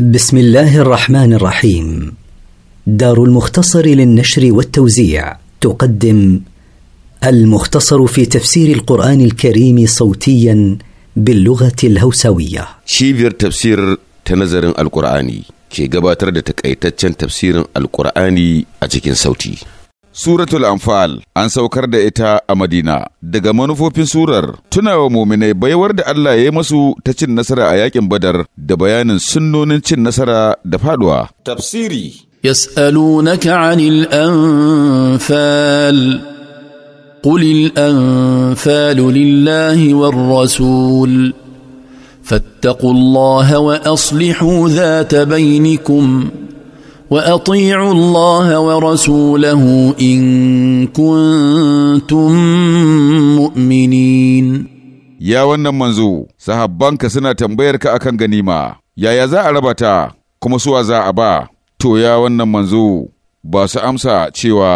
بسم الله الرحمن الرحيم دار المختصر للنشر والتوزيع تقدم المختصر في تفسير القرآن الكريم صوتيا باللغة الهوسوية شيفير تفسير تنظر القرآني كي gabatar da takaitaccen tafsirin alkur'ani a cikin Suratul Anfal an saukar da ita a Madina. Daga manufofin surar, tunawa muminai baiwar da Allah ya yi masu ta cin nasara a yakin Badar da bayanin sunnonin cin nasara da faduwa. Tafsiri yas'alunaka 'anil anfal قل الأنفال لله والرسول فاتقوا الله وأصلحوا ذات بينكم واطيعوا الله ورسوله ان كنتم مؤمنين ya wannan manzo sahabbanka suna tambayar ka akan ganima yaya za a raba ta kuma suwa za a ba to ya wannan manzo ba su amsa cewa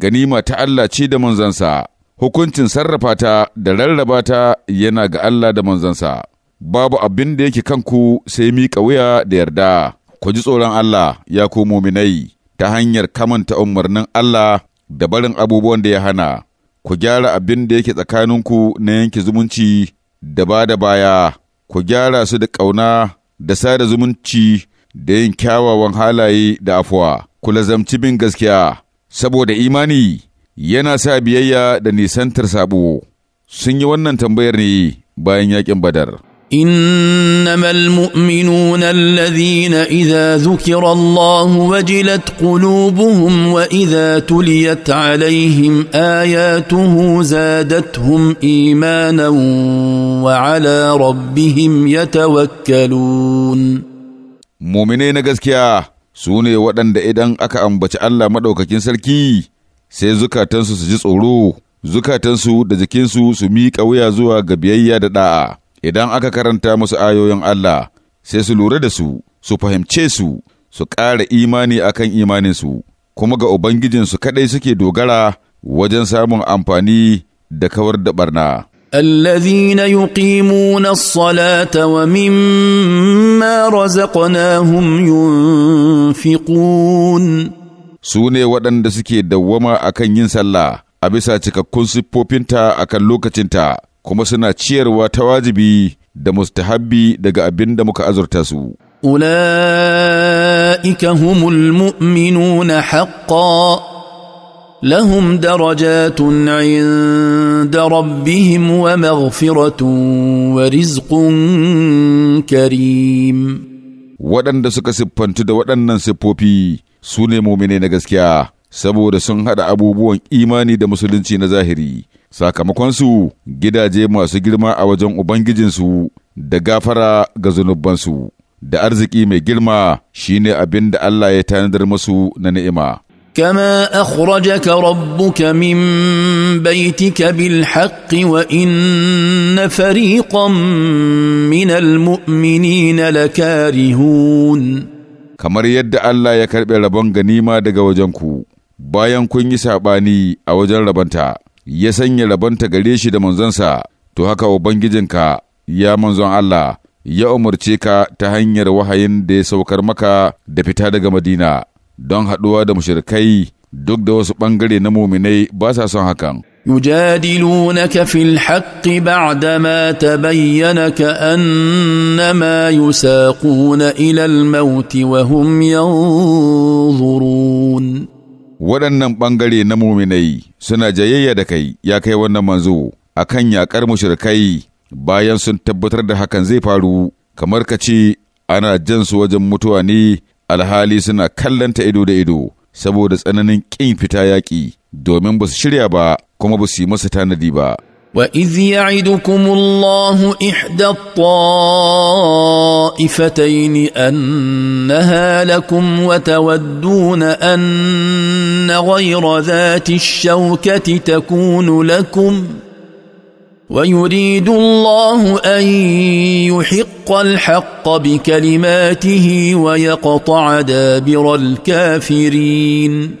ganima ta Allah ce da manzansa hukuncin sarrafa ta da rarraba ta yana ga Allah da manzansa babu abin da yake kanku sai miƙa wuya da yarda Ku ji tsoron Allah ya ku muminai ta hanyar kamanta umarnin Allah da barin abubuwan da ya hana, ku gyara abin da yake tsakaninku na yanke zumunci da ba da baya, ku gyara su da ƙauna da sada zumunci da yin kyawawan halaye da afuwa, ku lazamci bin gaskiya, saboda imani yana sa biyayya da nisantar sabo. Sun yi wannan tambayar ne bayan yakin badar. انما المؤمنون الذين اذا ذكر الله وجلت قلوبهم واذا تليت عليهم اياته زادتهم ايمانا وعلى ربهم يتوكلون مؤمنين gaskiya su ne waɗanda idan aka ambaci Allah maɗaukakin sarki sai zukatansu su ji tsoro zukatansu da jikinsu su miƙa wuya zuwa ga biyayya da ɗa'a idan aka karanta musu ayoyin Allah sai su lura da su, su fahimce su, su ƙara imani akan imaninsu, kuma ga Ubangijinsu kaɗai suke dogara wajen samun amfani da kawar da barna. الذين يقيمون الصلاه ومما رزقناهم ينفقون sune waɗanda suke dawwama akan yin sallah a bisa cikakkun siffofinta akan lokacinta kuma suna ciyarwa ta wajibi da mustahabbi daga abin da muka azurta su. أولئك هم المؤمنون حقا لهم درجات عند ربهم ومغفرة ورزق كريم waɗanda suka siffantu da waɗannan siffofi su ne mumine na gaskiya saboda sun haɗa abubuwan imani da musulunci na zahiri sakamakonsu gidaje masu girma a wajen ubangijinsu da gafara ga zunubansu da arziki mai girma shine abin da Allah ya tanadar musu na ni'ima كما اخرجك ربك من بيتك بالحق وان فريقا من المؤمنين لكارهون kamar yadda Allah ya karɓi rabon ganima daga ku. bayan kun yi saɓani a wajen rabanta, ya sanya rabanta gare shi da manzonsa, to haka Ubangijinka, ya manzon Allah, ya umarce ka ta hanyar wahayin da ya saukar maka da fita daga Madina, don haɗuwa da mushrikai duk da wasu ɓangare na muminai ba sa son hakan. يجادلونك في الحق بعدما تبين كانما يساقون الى الموت وهم ينظرون waɗannan ɓangare na muminai suna jayayya da kai ya kai wannan manzo a kan yaƙar mushrikai bayan sun tabbatar da hakan zai faru kamar ka ce ana jan su wajen mutuwa ne alhali suna kallanta ido da ido saboda tsananin ƙin fita yaƙi domin ba su shirya ba kuma ba su yi masa tanadi ba. واذ يعدكم الله احدى الطائفتين انها لكم وتودون ان غير ذات الشوكه تكون لكم ويريد الله ان يحق الحق بكلماته ويقطع دابر الكافرين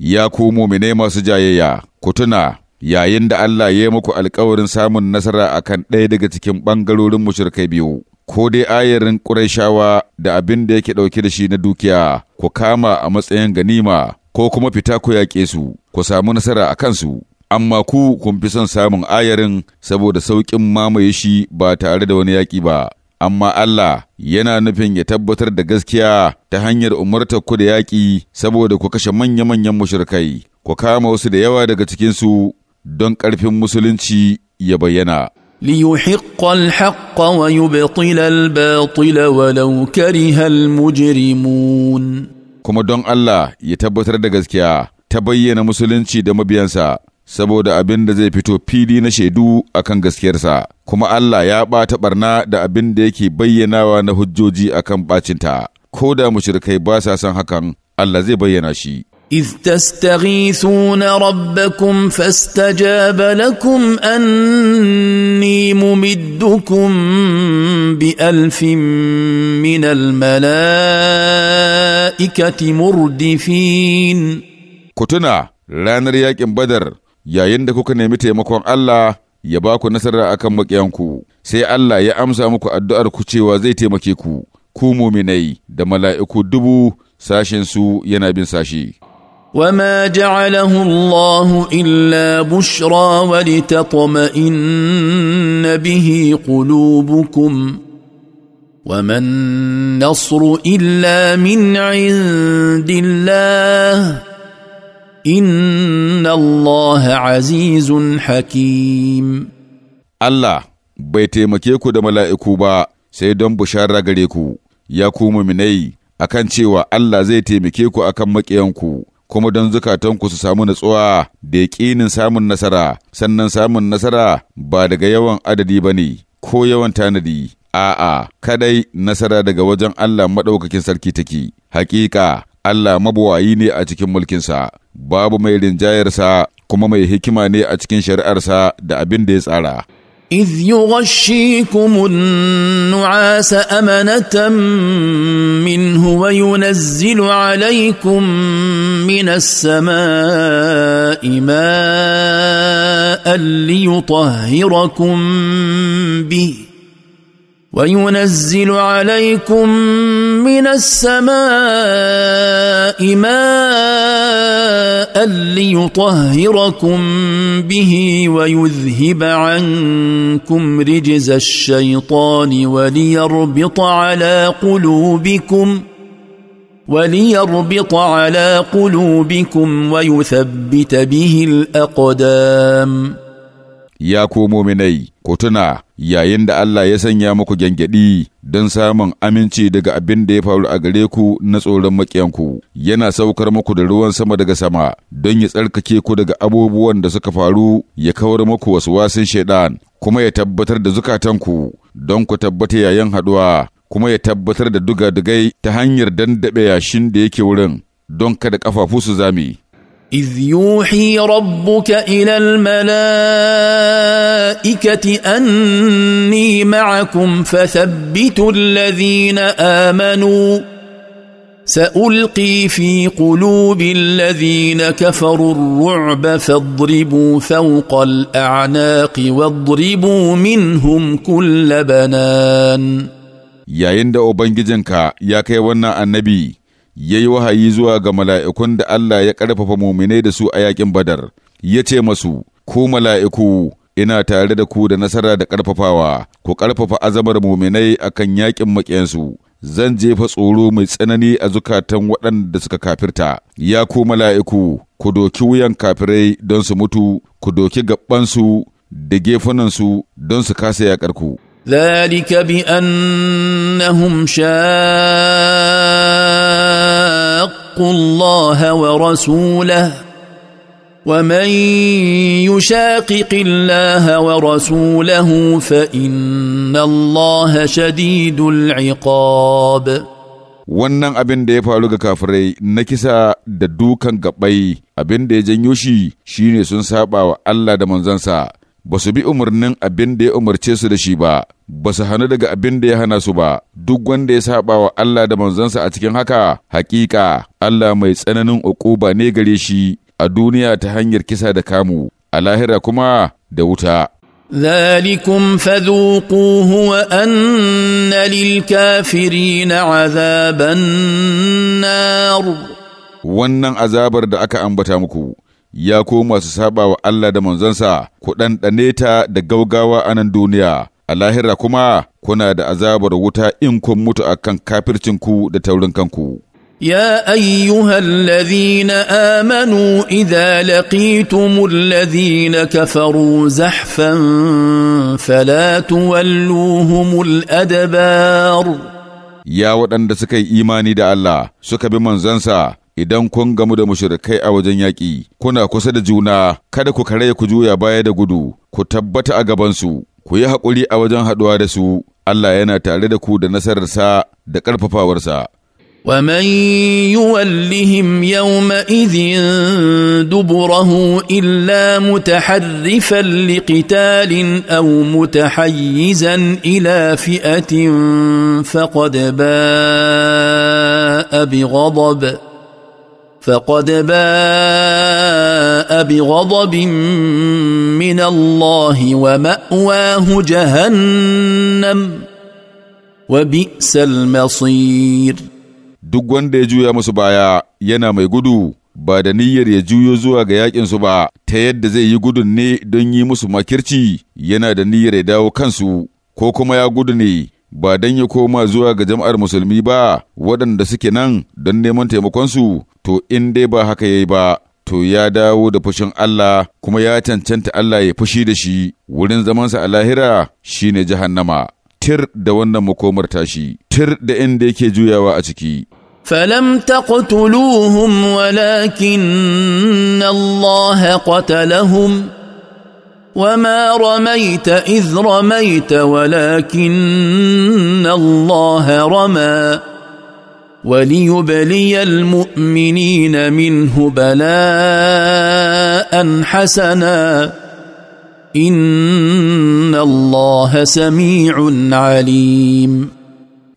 يا كومو من اي سجايا كتنا yayin da Allah ya yi muku alkawarin samun nasara a kan ɗaya daga cikin ɓangarorin mushrikai biyu. Ko dai ayarin ƙuraishawa da abin da yake ɗauke da shi na dukiya, ku kama a matsayin ganima, ko kuma fita ku yaƙe su, ku samu nasara a kansu. Amma ku kun fi son samun ayarin saboda sauƙin mamaye shi ba tare da wani yaƙi ba. amma Allah yana nufin ya tabbatar da gaskiya ta hanyar umartar ku da yaƙi saboda ku kashe manya-manyan mushrikai, ku kama wasu da yawa daga cikinsu don ƙarfin musulunci ya bayyana. ليحق الحق ويبطل الباطل ولو كره المجرمون kuma don Allah ya tabbatar da gaskiya ta bayyana musulunci da mabiyansa saboda abin da zai fito fili na shaidu akan gaskiyarsa kuma Allah ya ɓata ɓarna da abin da yake bayyanawa na hujjoji akan ɓacinta ko da mushrikai ba sa son hakan Allah zai bayyana shi اذ تستغيثون ربكم فاستجاب لكم اني ممدكم بالف من الملائكه مردفين كتنا ranar yaƙin badar yayin da kuka nemi taimakon Allah ya baku ku nasara akan maƙiyanku sai Allah ya amsa muku addu'ar ku cewa zai taimake ku ku muminai da mala'iku dubu sashen su yana bin sashe. وما جعله الله الا بشرى ولتطمئن به قلوبكم وما النصر الا من عند الله ان الله عزيز حكيم الله بيتي مكيكو دا ملائكو با سيدون بشارة غريكو يا مني أكان تيوا الله زيتي مكيكو أكان مكيانكو kuma don zukatanku su samu natsuwa da yaƙinin samun nasara, sannan samun nasara ba daga yawan adadi ba ne, ko yawan tanadi, a'a, kadai nasara daga wajen Allah maɗaukakin sarki take. Hakika, Allah mabuwayi ne a cikin mulkinsa, babu mai rinjayarsa kuma mai hikima ne a cikin shari'arsa da abin da ya tsara. إذ يغشيكم النعاس أمنة منه وينزل عليكم من السماء ماء ليطهركم به وينزل عليكم من السماء ماء ليطهركم به ويذهب عنكم رجز الشيطان وليربط على قلوبكم وليربط على قلوبكم ويثبت به الاقدام ya komo minai, ku tuna yayin da Allah ya sanya muku gyangyaɗi don samun aminci daga abin da ya faru a gare ku na tsoron maƙiyanku, yana saukar muku da ruwan sama daga sama don ya tsarkake ku daga abubuwan da suka faru ya kawar muku wasu wasin shaidan, kuma ya tabbatar da zukatanku don ku tabbata yayin haɗuwa, kuma ya tabbatar da duga-dugai ta hanyar dandaɓe yashin da yake wurin don kada ƙafafu su zame. إذ يوحي ربك إلى الملائكة أني معكم فثبتوا الذين آمنوا سألقي في قلوب الذين كفروا الرعب فاضربوا فوق الأعناق واضربوا منهم كل بنان. يا إند أوبنجيجنكا يا كيوانا النبي ya yi wahayi zuwa ga mala'ikun da Allah ya ƙarfafa muminai da su a yaƙin Badar, ya ce masu, Ku mala'iku, ina tare da ku da nasara da ƙarfafawa, ku ƙarfafa azamar muminai a kan yaƙin maƙiyansu. Zan jefa tsoro mai tsanani a zukatan waɗanda suka kafirta, ya ku mala'iku, ku doki wuyan kafirai don su mutu, ku doki gabansu da gefunansu don su kasa yaƙarku. ذلك بأنهم شاء واتقوا الله ورسوله ومن يشاقق الله ورسوله فان الله شديد العقاب wannan abin da ya faru ga kafirai na kisa da dukan gabai abin da ya janyo shi shine sun saba wa Allah da manzansa ba su bi umarnin abin da ya umarce su da shi ba, ba su hannu daga abin da ya hana su ba, duk wanda ya saba wa Allah da manzansa a cikin haka, hakika Allah mai tsananin uquba ne gare shi a duniya ta hanyar kisa da kamu, a lahira kuma da wuta. ذلكم فذوقوه وأن للكافرين عذاب النار wannan azabar da aka ambata muku ya ko masu saba wa Allah da manzonsa ku ɗanɗane ta da gaugawa a nan duniya a lahira kuma kuna da azabar wuta in kun mutu akan ku da taurin kanku يا ايها الذين امنوا اذا لقيتم الذين كفروا زحفا فلا تولوهم الادبار يا waɗanda suka yi imani da Allah suka bi manzonsa. idan kun gamu da mushrikai a wajen yaƙi, kuna kusa da juna, kada ku kare ku juya baya da gudu, ku tabbata a gabansu, ku yi haƙuri a wajen haɗuwa da su, Allah yana tare da ku da nasararsa da ƙarfafawarsa. ومن يولهم يومئذ دبره الا متحرفا لقتال او متحيزا الى فئه فقد باء بغضب فقد باء بغضب من الله وماواه جهنم وبئس المصير duk wanda ya juya musu baya yana mai gudu ba da niyyar ya juyo zuwa ga yaƙinsu ba ta yadda zai yi gudun ne don yi musu makirci yana da niyyar ya dawo kansu ko kuma ya gudu ne ba don ya koma zuwa ga jama'ar musulmi ba waɗanda suke nan don neman taimakonsu to in dai ba haka ya yi ba to ya dawo da fushin Allah kuma ya cancanta Allah ya fushi da shi wurin zamansa a lahira shi shine jahannama tir da wannan makomar tashi tir da inda yake juyawa a ciki فلم تقتلوهم ولكن الله قتلهم وما رميت اذ رميت ولكن الله رمى وليبلي المؤمنين منه بلاء حسنا ان الله سميع عليم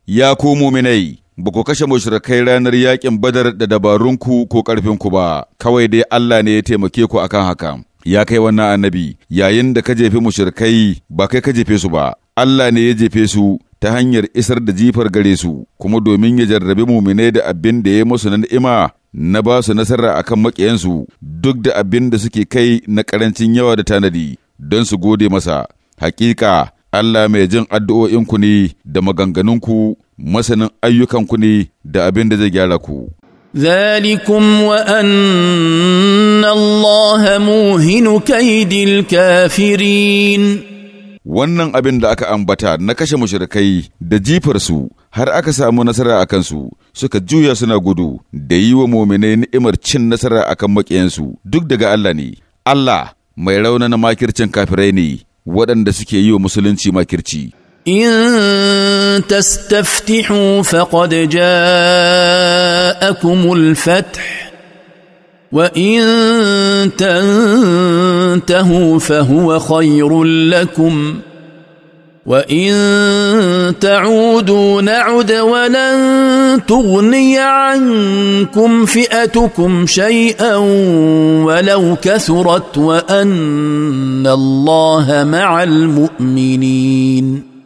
يا كو مؤمني بكو كشه مشركي رانر ياكن بدر دبارونكو كو كارفينكو با كوي دي الله ني تيمكيكو أكاهاكام ya kai wannan annabi yayin da ka jefe mushrikai ba kai ka jefe su ba Allah ne ya jefe su ta hanyar isar da jifar gare su kuma domin ya jarrabi muminai da abin da ya musu na ni'ima na ba su nasara akan maƙiyansu duk da abin da suke kai na ƙarancin yawa da tanadi don su gode masa hakika Allah mai jin addu'o'inku ne da maganganunku masanin ayyukanku ne da abin da zai gyara ku ذلكم وان الله موهن كيد الكافرين wannan abin da aka ambata na kashe mushrikai da jifarsu har aka samu nasara a kansu suka juya suna gudu da yi wa mominai ni'imar cin nasara a kan maƙiyansu duk daga Allah ne Allah mai raunana makircin kafirai ne waɗanda suke yi wa musulunci makirci ان تستفتحوا فقد جاءكم الفتح وان تنتهوا فهو خير لكم وان تعودوا نعد ولن تغني عنكم فئتكم شيئا ولو كثرت وان الله مع المؤمنين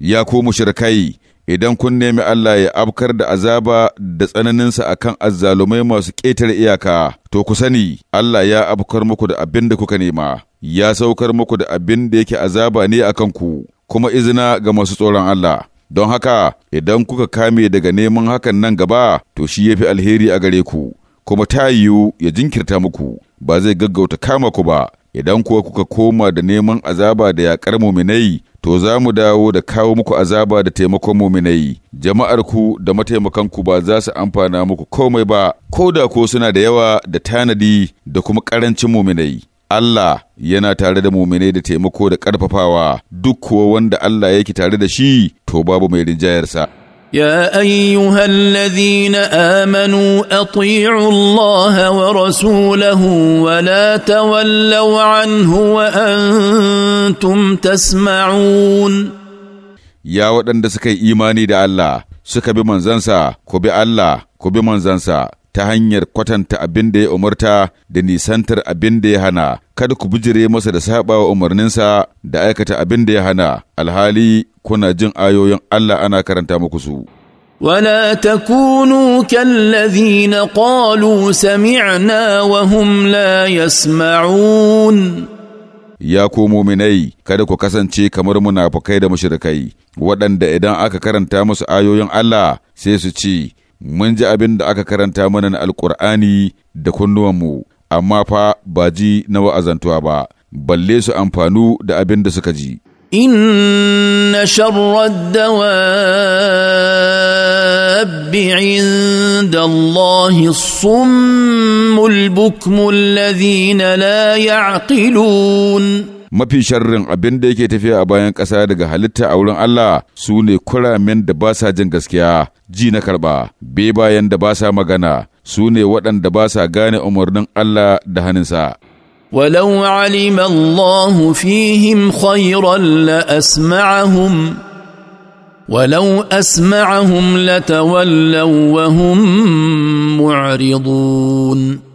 ya ku mushrikai idan kun nemi Allah ya abkar da azaba da tsananinsa a kan azzalumai masu ƙetare iyaka, to ku sani, Allah ya abkar muku da abin da kuka nema, ya saukar muku da abin da yake azaba ne a kanku, kuma izina ga masu tsoron Allah. Don haka, idan kuka kame daga neman hakan nan gaba, to shi ya fi alheri a gare ku, kuma ta yiwu ya jinkirta muku, ba zai gaggauta kama ku ba, idan kuwa kuka koma da neman azaba da yaƙar muminai to za mu dawo da kawo muku azaba da taimakon muminai jama'arku da ku ba za su amfana muku komai ba ko da ko suna da yawa da tanadi da kuma ƙarancin muminai Allah yana tare da muminai da taimako da ƙarfafawa duk kuwa wanda Allah yake tare da shi to babu mai rinjayarsa. يا ايها الذين امنوا اطيعوا الله ورسوله ولا تولوا عنه وانتم تسمعون يا waɗanda suka yi imani da Allah suka bi manzansa ku bi Allah ku bi manzansa ta hanyar kwatanta abin da ya umarta da nisantar abin da ya hana, kada ku bijire masa da saba wa umarninsa da aikata abin da ya hana, alhali kuna jin ayoyin Allah ana karanta muku su. ولا تكونوا كالذين قالوا سمعنا وهم لا يسمعون ya ku مني kada ku kasance kamar munafukai da mushrikai waɗanda idan aka karanta musu ayoyin Allah sai su ci mun ji abin da aka karanta mana na alkur'ani da kunnuwanmu amma fa ba ji na wa'azantuwa ba balle su amfanu da abin da suka ji إن شر الدواب عند الله الصم البكم الذين لا يعقلون mafi sharrin abin da yake tafiya a bayan ƙasa daga halitta a wurin Allah su ne kuramen da ba sa jin gaskiya ji na karɓa be bayan da ba sa magana su ne waɗanda ba sa gane umarnin Allah da hannunsa. ولو علم الله فيهم خيرا لأسمعهم ولو أسمعهم لتولوا وهم معرضون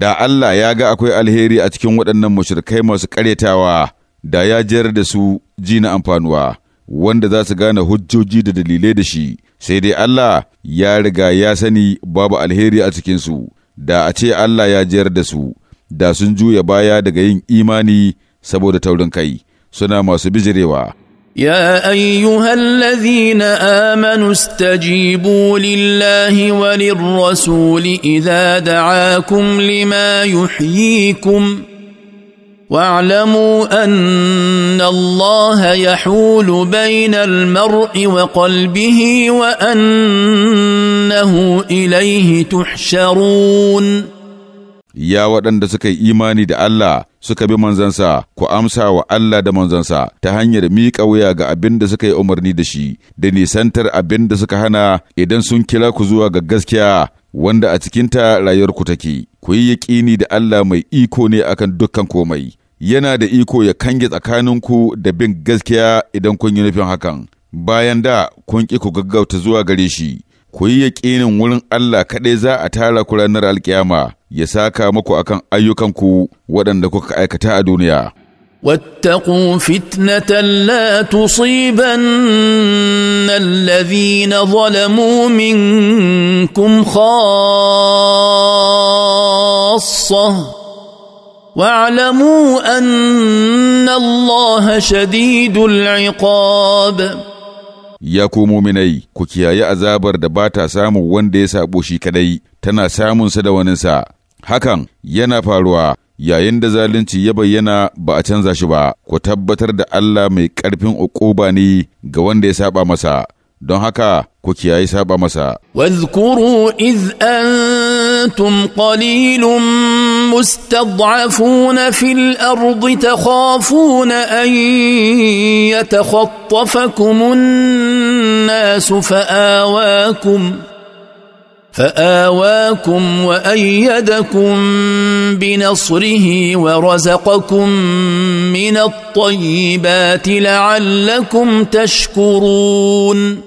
da Allah ya ga akwai alheri a cikin waɗannan mashirkai masu ƙaretawa da ya jiyar da su ji na amfanuwa wanda za su gane hujjoji da dalilai da shi sai dai Allah ya riga ya sani babu alheri a cikinsu da a ce Allah ya jiyar da su da sun juya baya daga yin imani saboda taurin kai suna masu bijirewa. يا ايها الذين امنوا استجيبوا لله وللرسول اذا دعاكم لما يحييكم واعلموا ان الله يحول بين المرء وقلبه وانه اليه تحشرون ya waɗanda suka yi imani da Allah suka bi manzansa ku amsa wa Allah da manzansa ta hanyar miƙa wuya ga abin da suka yi umarni da shi da nisantar abin da suka hana idan sun kira ku zuwa ga gaskiya wanda a cikinta rayuwarku take ku yi yaƙini da Allah mai iko ne akan dukkan komai yana da iko ya kange tsakaninku da bin gaskiya idan kun yi nufin hakan bayan da kun ki ku gaggauta zuwa gare shi ku yi yaƙinin wurin Allah kaɗai za a tara ku ranar alkiyama ya saka muku akan ayyukanku waɗanda kuka aikata a duniya. واتقوا فتنة لا تصيبن الذين ظلموا منكم خاصة واعلموا أن الله شديد العقاب. ya komo muminai ku kiyaye azabar da ba ta samun wanda ya sabo shi kadai tana samun sa da waninsa hakan yana faruwa yayin da zalunci ya bayyana ba a canza shi ba ku tabbatar da Allah mai ƙarfin uquba ne ga wanda ya saba masa don haka ku kiyaye saba masa wazkuru iz antum qalilun المستضعفون في الارض تخافون ان يتخطفكم الناس فاواكم فاواكم وايدكم بنصره ورزقكم من الطيبات لعلكم تشكرون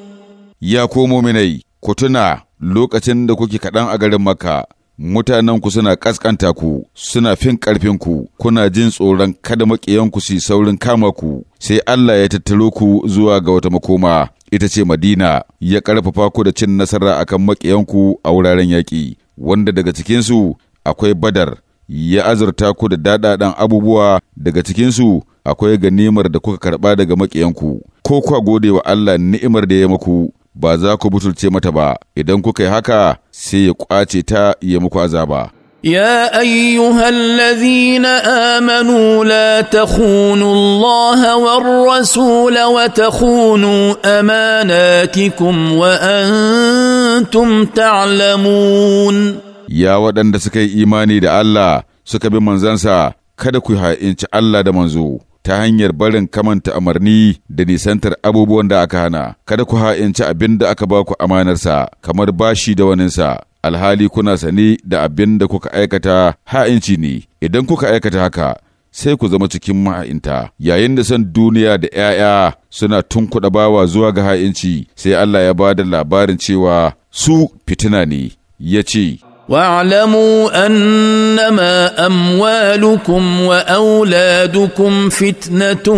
يا كومو مني كتنا لوكتن دكوكي كدان اغارين مكه mutanen ku suna ƙasƙanta ku, suna fin karfin ku kuna jin tsoron kada maƙiyanku su saurin kama ku, sai Allah ya tattaro ku zuwa ga wata makoma, ita ce Madina, ya karfafa ku da cin nasara akan ku a wuraren yaƙi, wanda daga cikinsu akwai Badar, ya azurta ku da daɗaɗan abubuwa daga cikinsu akwai ganimar da kuka karɓa daga ku ko kwa gode wa Allah ni'imar da ya maku. ba za ku butulce mata ba, idan kuka yi haka sai ya ƙwace ta ya muku azaba. يا ايها الذين امنوا لا wa الله والرسول وتخونوا اماناتكم وانتم تعلمون يا ودان suka yi imani da Allah suka bi manzansa kada ku ha'inci Allah da manzo ta hanyar barin kamanta amarni da nisantar abubuwan da aka hana, kada ku ha'inci abin da aka baku ku amanarsa, kamar bashi da waninsa, alhali kuna sani da abin da kuka aikata ha'inci ne, idan kuka aikata haka, sai ku zama cikin ma'a'inta. yayin da san duniya da ‘ya'ya suna tunkuɗa bawa zuwa ga ha'inci, sai Allah ya ba da labarin cewa su fitina ne, ya ce, واعلموا انما اموالكم واولادكم فتنه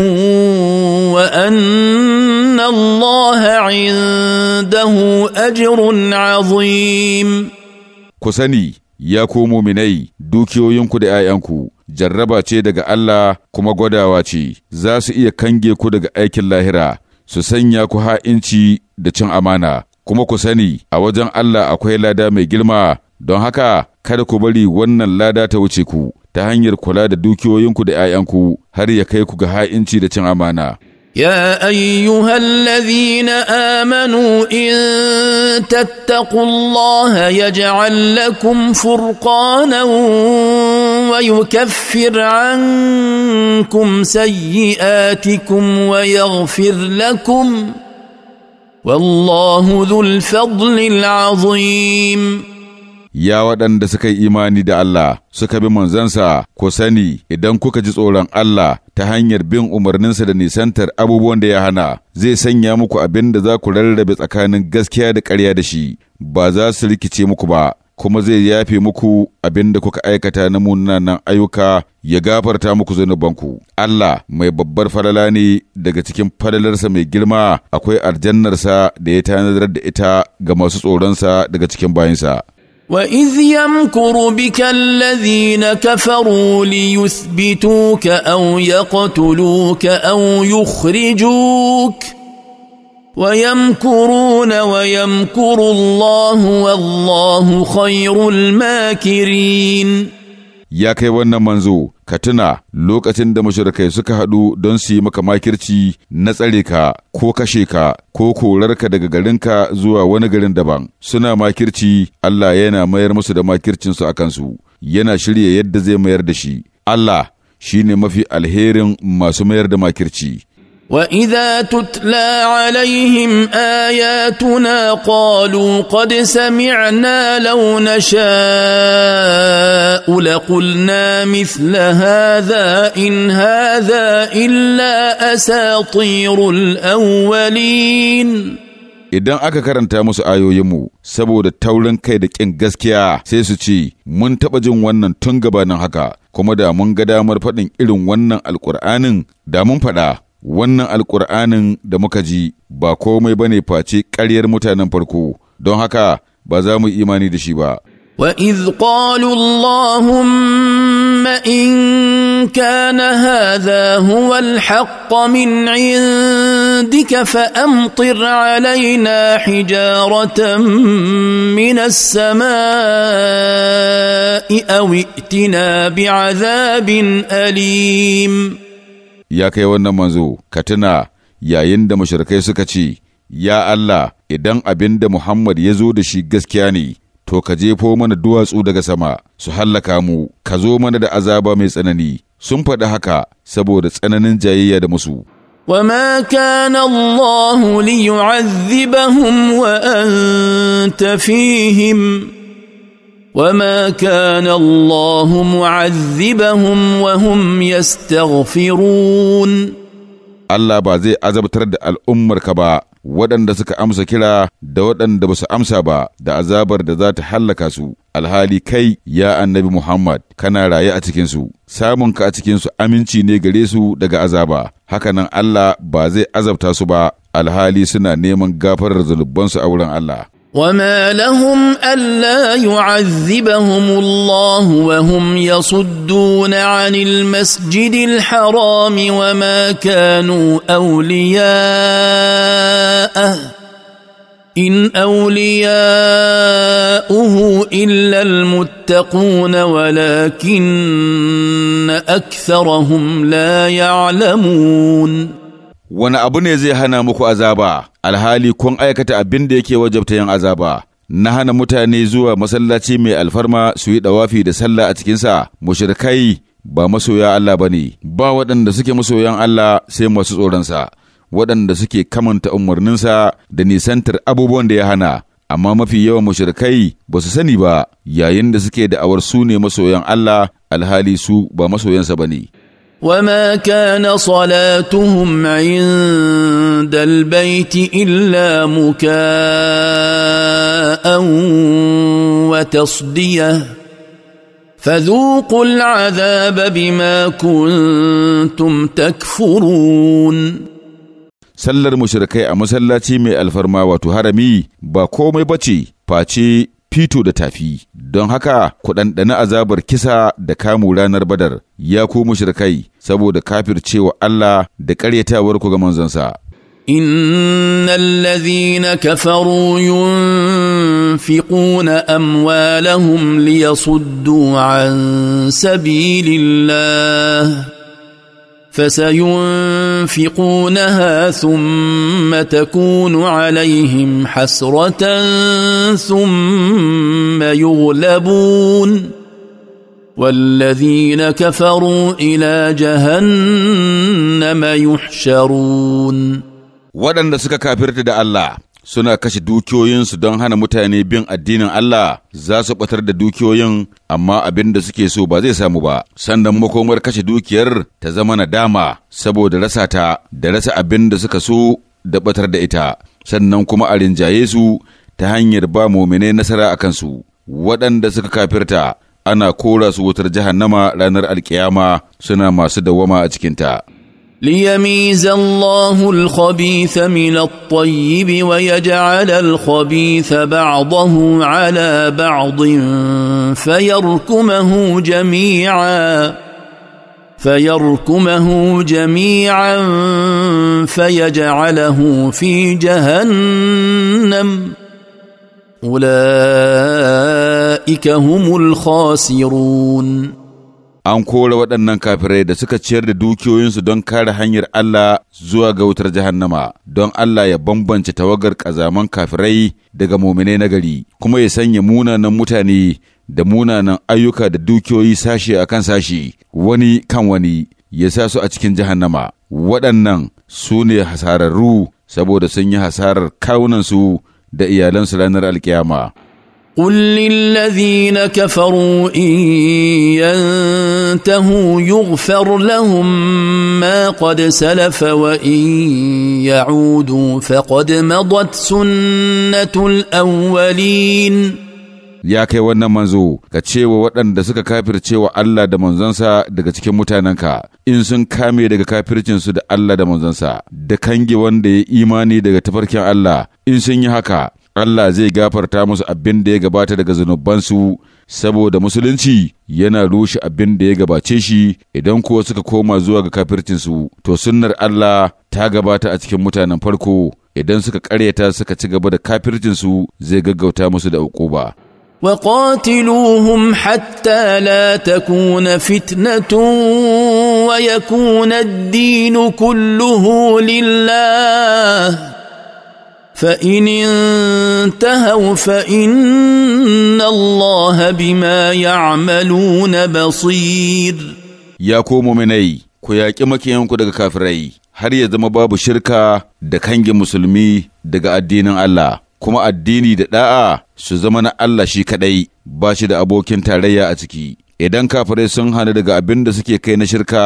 وان الله عنده اجر عظيم كسني يا كومو مني دوكيوينكو da 'ya'yanku jarraba ce daga Allah kuma gwadawa ce za su iya kange ku daga aikin lahira su sanya ku ha'inci da cin amana kuma ku sani a wajen Allah akwai lada mai girma don haka kada ku bari wannan lada ta wuce ku ta hanyar kula da dukiyoyinku da 'ya'yanku har ya kai ku ga ha'inci da cin amana. يا ايها الذين امنوا ان تتقوا الله يجعل لكم فرقانا ويكفر عنكم سيئاتكم ويغفر لكم والله ذو الفضل العظيم ya waɗanda suka yi imani da Allah suka bi manzansa ku sani idan kuka ji tsoron Allah ta hanyar bin umarninsa da nisantar abubuwan da ya hana zai sanya muku abin da za ku rarrabe tsakanin gaskiya da ƙarya da shi ba za su rikice muku ba kuma zai yafe muku abin da kuka aikata na munanan ayyuka ya gafarta muku zunubanku. Allah mai babbar falala ne daga cikin falalarsa mai girma akwai aljannarsa da ya tanadar da ita ga masu tsoronsa daga cikin bayansa. واذ يمكر بك الذين كفروا ليثبتوك او يقتلوك او يخرجوك ويمكرون ويمكر الله والله خير الماكرين ya kai wannan manzo ka tuna lokacin da mashirkai suka haɗu don su yi maka makirci na tsare ka ko kashe ka ko korar ka daga garinka zuwa wani garin daban suna makirci Allah yana mayar musu da makircinsu a kansu yana shirya yadda zai mayar da shi Allah shi ne mafi alherin masu mayar da makirci واذا تتلى عليهم اياتنا قالوا قد سمعنا لو نشاء لقلنا مثل هذا ان هذا الا اساطير الاولين idan aka karanta musu ayoyinmu saboda taurin kai da ƙin gaskiya sai su ce mun taɓa jin wannan tun gabanin haka kuma da mun ga damar faɗin irin wannan alƙur'anin da mun faɗa wannan alkur'anin da muka ji ba komai ba ne face ƙaryar mutanen farko don haka ba za mu imani da shi ba. وإذ قالوا اللهم إن كان هذا هو الحق من عندك فأمطر علينا حجارة من السماء أو ائتنا بعذاب أليم' ya kai wannan manzo, ka tuna yayin da mashirkai suka ce, Ya Allah, idan abin da Muhammad ya zo da shi gaskiya ne, to ka jefo mana duwatsu daga sama, su hallaka mu, ka zo mana da azaba mai tsanani, sun faɗi haka saboda tsananin jayayya da musu. وما كان الله ليعذبهم وأنت فيهم وما كان الله معذبهم وهم يستغفرون ba zai azabtar da al'ummarka ba waɗanda suka amsa kira da waɗanda ba su amsa ba da azabar da za ta hallaka su alhali kai ya annabi Muhammad kana raye a cikinsu samunka a cikinsu aminci ne gare su daga azaba hakanan Allah ba zai azabta su ba alhali suna neman gafarar zunubansu a wurin Allah وما لهم الا يعذبهم الله وهم يصدون عن المسجد الحرام وما كانوا اولياءه ان اولياءه الا المتقون ولكن اكثرهم لا يعلمون وانا ابو ne هنا مكو alhali kun aikata abin da yake wajabta yin azaba na hana mutane zuwa masallaci mai alfarma su yi dawafi da sallah a cikinsa mushrikai ba masoya Allah ba ne ba waɗanda suke masoyan Allah sai masu tsoronsa waɗanda suke kamanta umarninsa da nisantar abubuwan da ya hana amma mafi yawan mushrikai ba su sani ba yayin da suke da'awar su ne masoyan Allah alhali su ba masoyansa ba ne وما كان صلاتهم عند البيت الا مكاء وتصديه فذوقوا العذاب بما كنتم تكفرون سلر مشركي امسلاتي مي الفرما وتهرمي باكومي باتشي باتشي fito da tafi, don haka ku ɗanɗani azabar kisa da kamu ranar badar, ya ku kai, saboda kafircewa Allah da ƙaryatawar ku ga manzansa. إن الذين كفروا ينفقون أموالهم ليصدوا عن سبيل الله فسينفقونها ثم تكون عليهم حسره ثم يغلبون والذين كفروا الى جهنم يحشرون ولن suka كافرت الله suna kashe dukiyoyinsu don hana mutane bin addinin Allah za su batar da dukiyoyin amma abin da suke so ba zai samu ba sannan makomar kashe dukiyar ta zama nadama saboda rasa ta da rasa abin da suka so da batar da ita sannan kuma a rinjaye su ta hanyar ba momine nasara a kansu waɗanda suka kafirta ana kora su wutar jahannama ranar alkiyama suna masu dawama a cikinta ليميز الله الخبيث من الطيب ويجعل الخبيث بعضه على بعض فيركمه جميعا فيركمه جميعا فيجعله في جهنم اولئك هم الخاسرون an kora waɗannan kafirai da suka ciyar da dukiyoyinsu don kare hanyar Allah zuwa ga wutar jahannama don Allah ya bambance tawagar ƙazaman kafirai daga mominai na gari kuma ya sanya munanan mutane da munanan ayyuka da dukiyoyi sashe a kan sashe wani kan wani ya sa su a cikin jahannama waɗannan su ne hasararru saboda sun yi hasarar kawunansu da iyalansu ranar alkiyama. قل للذين كفروا ان ينتهوا يغفر لهم ما قد سلف وان يعودوا فقد مضت سنه الاولين ya kai wannan manzo ka cewa waɗanda suka kafircewa Allah da manzonsa daga cikin mutanenka in sun kame daga kafircinsu da Allah da manzonsa da kange wanda ya imani daga tafarkin Allah in sun yi haka Allah zai gafarta musu abin da ya gabata daga zunubansu saboda musulunci yana rushe abin da ya gabace shi idan kuwa suka koma zuwa ga kafircinsu to sunnar Allah ta gabata a cikin mutanen farko idan suka ƙaryata suka ci gaba da kafircinsu zai gaggauta musu da uquba وقاتلوهم حتى لا تكون فتنة ويكون الدين كله لله فان انتهوا فان الله بما يعملون بصير يا كومومني ku yaƙi makiyanku daga kafirai har ya zama babu shirka da kange musulmi daga addinin Allah kuma addini da ɗa'a su zama na Allah shi kaɗai ba shi da abokin tarayya a ciki idan kafirai sun hana daga abin da suke kai na shirka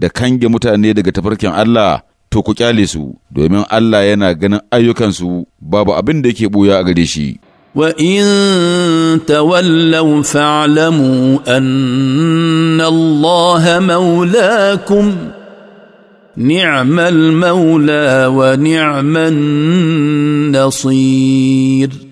da kange mutane daga tafarkin Allah to ku kyale su domin Allah yana ganin ayyukansu babu abin da yake buya a gare shi. Wa in tawallaw fa'lamu anna Allah maulakum ni'mal maula wa ni'man nasir.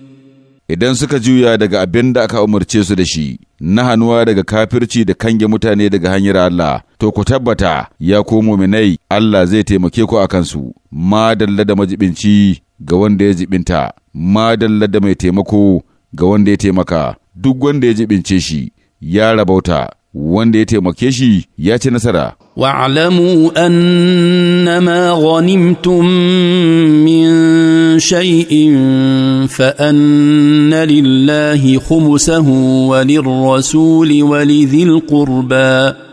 idan suka juya daga abin da aka umarce su da shi na hannuwa daga kafirci da kange mutane daga hanyar Allah to ku tabbata ya komo muminai Allah zai taimake ku a kansu. ma da majibinci ga wanda ya jibinta ma da mai taimako ga wanda ya taimaka duk wanda ya jibince shi ya rabauta wanda ya taimake shi ya ci nasara. wa'lamu annama ghanimtum min shay'in fa'anna lillahi khumusahu wa lirrasuli wa lidhil qurba.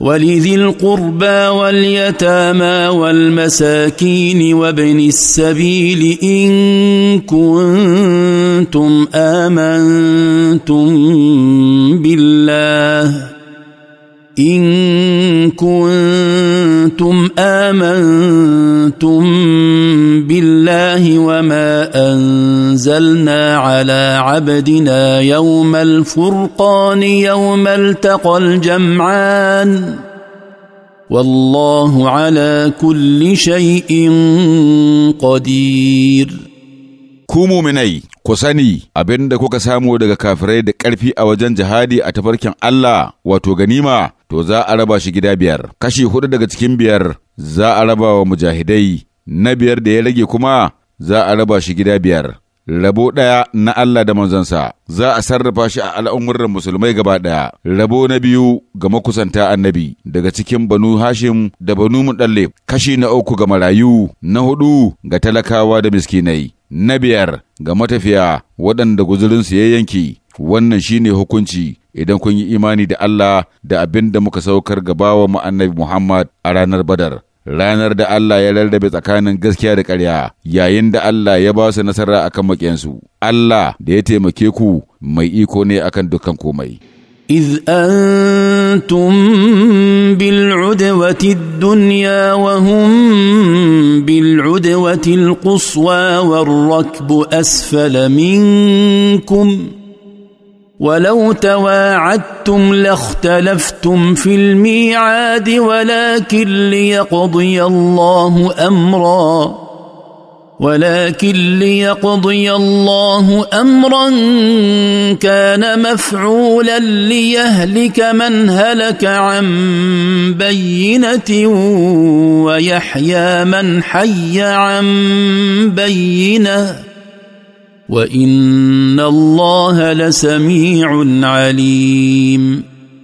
ولذي القربى واليتامى والمساكين وابن السبيل ان كنتم امنتم بالله ان كنتم امنتم بالله وما انتم انزلنا على عبدنا يوم الفرقان يوم التقى الجمعان والله على كل شيء قدير ku muminai ku sani abinda kuka samu daga kafirai da ƙarfi a wajen jihadi a tafarkin Allah wato ganima to za a raba shi gida biyar kashi hudu daga cikin biyar za a raba wa mujahidai na biyar da ya rage kuma za a raba shi gida biyar rabo ɗaya na Allah da manzansa za a sarrafa shi a al'ummuran musulmai gaba ɗaya rabo na biyu ga makusanta annabi daga cikin banu hashim da banu muɗalle kashi na uku ga marayu na hudu ga talakawa da miskinai na biyar ga matafiya waɗanda su ya yanki wannan shine hukunci idan kun yi imani da Allah da abin da muka saukar gaba wa annabi Muhammad a ranar Badar ranar da Allah ya rarrabe tsakanin gaskiya da ƙarya yayin da Allah ya ba su nasara akan maƙiyansu. Allah da ya taimake ku mai iko ne akan dukkan komai. إذ أنتم بالعدوة الدنيا وهم بالعدوة القصوى والركب أسفل منكم ۖ ولو تواعدتم لاختلفتم في الميعاد ولكن ليقضي الله امرا ولكن ليقضي الله امرا كان مفعولا ليهلك من هلك عن بينه ويحيى من حي عن بينه وان الله لسميع عليم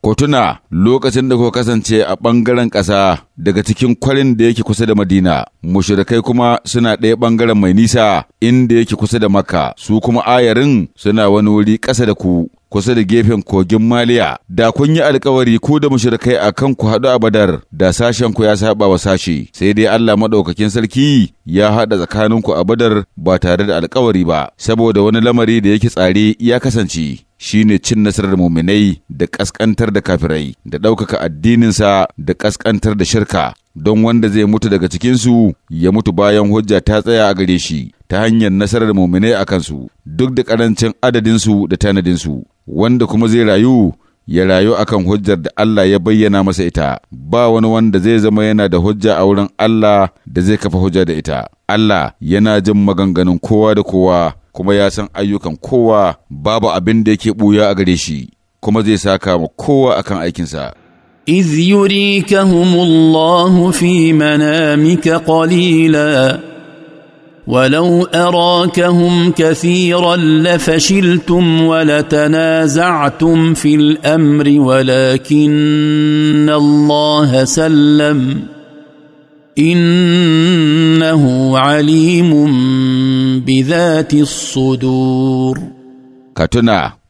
Ku tuna lokacin da kuka kasance a ɓangaren ƙasa daga cikin kwarin da yake kusa da Madina, mushrikai kuma suna ɗaya ɓangaren mai nisa inda yake kusa da Makka, su kuma ayarin suna wani wuri ƙasa da ku, kusa da gefen kogin Maliya, da kun yi alkawari ku da mushrikai a kan ku haɗu a badar, da sashen ku ya saba wa sashi, sai dai Allah maɗaukakin sarki ya haɗa tsakaninku a badar ba tare da alkawari ba, saboda wani lamari da yake tsare ya kasance. Shi ne cin nasarar muminai da ƙasƙantar da kafirai, da ɗaukaka addininsa da ƙasƙantar da shirka, don wanda zai mutu daga cikinsu ya mutu bayan hujja ta tsaya a gare shi ta hanyar nasarar muminai a kansu duk da ƙarancin adadinsu da tanadinsu wanda kuma zai rayu ya rayu akan hujjar da Allah ya bayyana masa ita ba wani wanda zai zama yana da hujja a wurin Allah da zai kafa hujja da ita Allah yana jin maganganun kowa da kowa kuma ya san ayyukan kowa babu abin da yake buya a gare shi kuma zai saka ma kowa akan aikinsa إذ يريكهم الله في منامك قليلا ولو أراكهم كثيرا لفشلتم ولتنازعتم في الأمر ولكن الله سلم إنه عليم بذات الصدور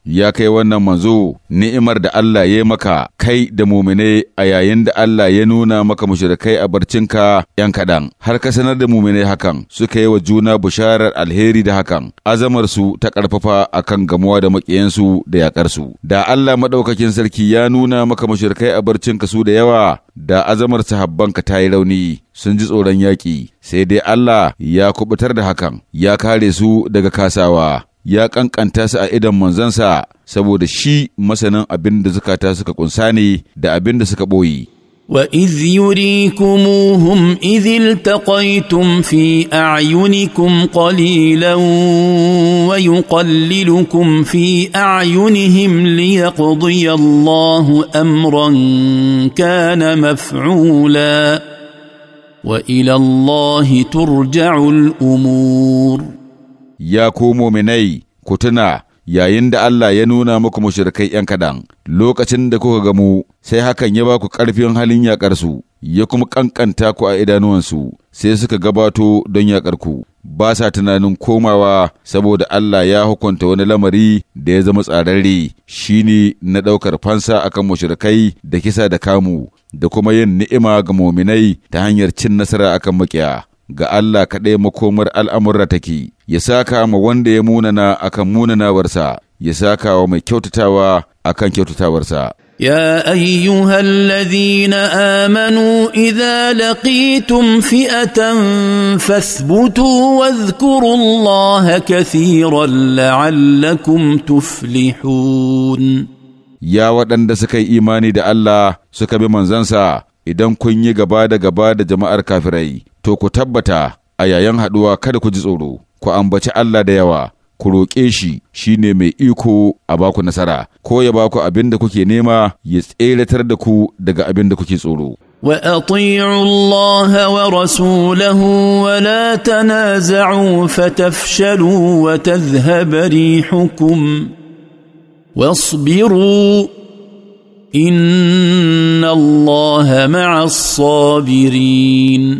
ya kai wannan manzo ni'imar da Allah ya maka kai da mumine a yayin da Allah ya nuna maka mushrikai a barcinka yan kaɗan har ka sanar da mumine hakan suka yi wa juna busharar alheri da hakan azamar su ta karfafa akan gamuwa da su da yakar su da Allah maɗaukakin sarki ya nuna maka mushrikai a barcinka su da yawa da azamar sahabbanka ta yi rauni sun ji tsoron yaƙi sai dai Allah ya kubutar da hakan ya kare su daga kasawa ya kankanta su a idan manzansa saboda shi masanin abin da zukata suka kunsa ne da abin da suka ɓoye. وإذ يريكموهم إذ التقيتم في أعينكم قليلا ويقللكم في أعينهم ليقضي الله أمرا كان مفعولا وإلى الله ترجع الأمور ya komo Minai ku tuna yayin da Allah ya nuna muku mushrikai ‘yan kaɗan, lokacin da kuka gamu sai hakan ya ba ku ƙarfin halin yaƙarsu, ya kuma ƙanƙanta ku a idanuwansu, sai suka gabato don yaƙarku. Ba sa tunanin komawa saboda Allah ya hukunta wani lamari da ya zama tsararre shi ne na ɗaukar fansa akan mushrikai da kisa da kamu da kuma yin ni'ima ga muminai ta hanyar cin nasara akan maƙiya. ga Allah kaɗai makomar al'amurra take, ya saka ma wanda ya munana akan munanawarsa, ya saka wa mai kyautatawa akan kyautatawarsa. يا ايها الذين امنوا اذا لقيتم فئه فاثبتوا واذكروا الله كثيرا لعلكم tuflihun! Ya waɗanda suka yi imani da Allah suka bi manzansa idan kun yi gaba da gaba da jama'ar kafirai, to ku tabbata a yayin haɗuwa kada ku ji tsoro, ku ambaci Allah da yawa, ku roƙe shi shi ne mai iko a baku nasara, ko ya baku abin da kuke nema ya tseratar da ku daga abin da kuke tsoro. wa وأطيعوا الله ورسوله ولا تنازعوا فتفشلوا وتذهب ريحكم واصبروا inna Allah ma'as sabirin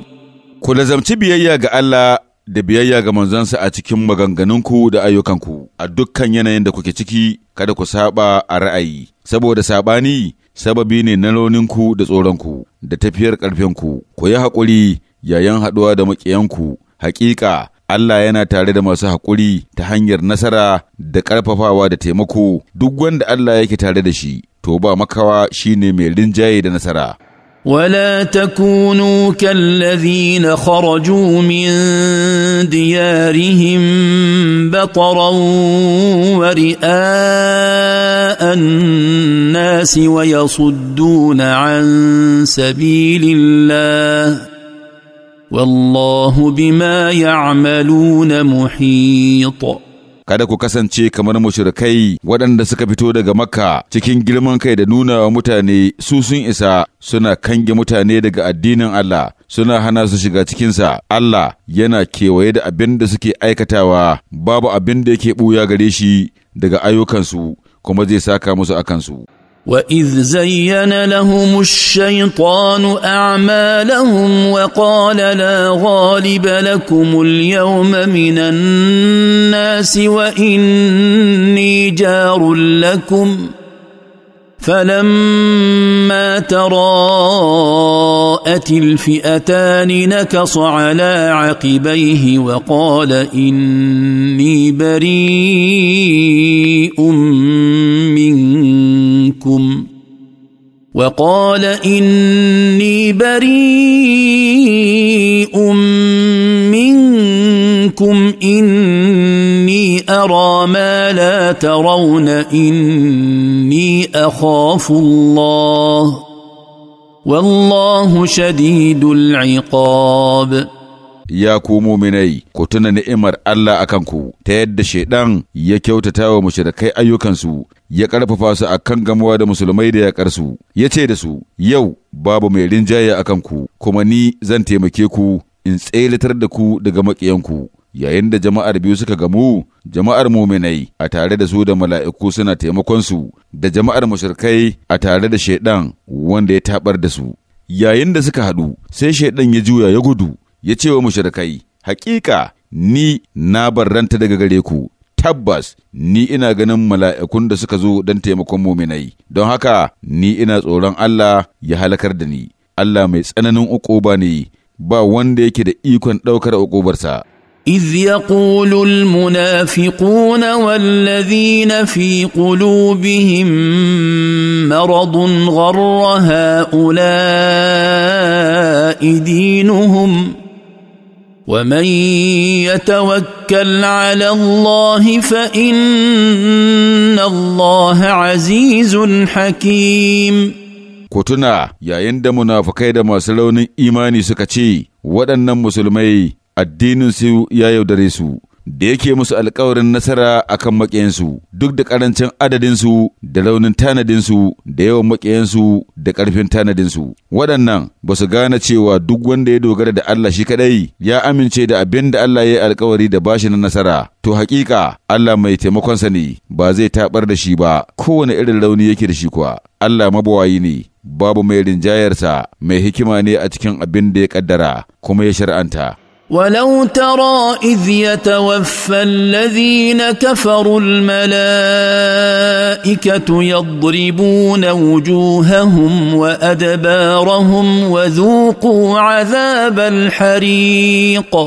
ku lazamci biyayya ga Allah da biyayya ga manzansa a cikin maganganunku da ayyukanku a dukkan yanayin da kuke ciki kada ku saba a ra'ayi saboda sabani sababi ne na launinku da tsoronku da tafiyar ƙarfinku ku yi haƙuri yayin haɗuwa da maƙiyanku haƙiƙa Allah yana tare da masu haƙuri ta hanyar nasara da ƙarfafawa da taimako duk wanda Allah yake tare da shi to ba makawa shine mai rinjaye da nasara ولا تكونوا كالذين خرجوا من ديارهم بطرا ورئاء الناس ويصدون عن سبيل الله والله بما يعملون محيط kada ku kasance kamar mushrikai waɗanda suka fito daga makka cikin girman kai da nuna wa mutane su sun isa suna kange mutane daga addinin Allah suna hana su shiga cikinsa Allah yana kewaye da abin da suke aikatawa babu abin da yake ɓuya gare shi daga ayyukansu kuma zai saka musu akansu. واذ زين لهم الشيطان اعمالهم وقال لا غالب لكم اليوم من الناس واني جار لكم فلما تراءت الفئتان نكص على عقبيه وقال اني بريء منكم وقال اني بريء منكم اني ارى ما لا ترون اني اخاف الله والله شديد العقاب ya ku muminai ku tuna ni'imar Allah a kanku. ta yadda shaidan ya kyautata wa mushrikai ayyukansu ya ƙarfafa su a kan gamuwa da musulmai da yaƙarsu ya ce da su yau babu mai rinjaye a kanku, kuma ni zan taimake ku in tsailatar da ku daga maƙiyanku yayin da jama'ar biyu suka gamu jama'ar muminai a tare da su da mala'iku suna taimakonsu da jama'ar mushrikai a tare da shaidan wanda ya tabar da su yayin da suka haɗu sai shaidan ya juya ya gudu ya ce wa mushrikai hakika ni na barranta daga gare ku tabbas ni ina ganin mala'ikun da suka zo don taimakon muminai don haka ni ina tsoron Allah ya halakar da ni Allah mai tsananin uquba ne ba wanda yake da ikon ɗaukar ukubarsa. إذ يقول المنافقون والذين في قلوبهم مرض غر هؤلاء دينهم ومن يتوكل على الله فان الله عزيز حكيم ku tuna yayin da munafukai da masu raunin imani suka ce waɗannan musulmai addinin su ya yaudare su da yake musu alkawarin nasara a kan maƙiyansu duk da ƙarancin adadinsu da raunin tanadinsu da yawan maƙiyansu da ƙarfin tanadinsu waɗannan ba su gane cewa duk wanda ya dogara da Allah shi kaɗai ya amince da abin da Allah ya yi alkawari da bashi na nasara to haƙiƙa Allah mai taimakonsa ne ba zai taɓar da shi ba kowane irin rauni yake da shi kuwa Allah mabawayi ne babu mai rinjayarsa mai hikima ne a cikin abin da ya ƙaddara kuma ya shar'anta. ولو ترى اذ يتوفى الذين كفروا الملائكه يضربون وجوههم وادبارهم وذوقوا عذاب الحريق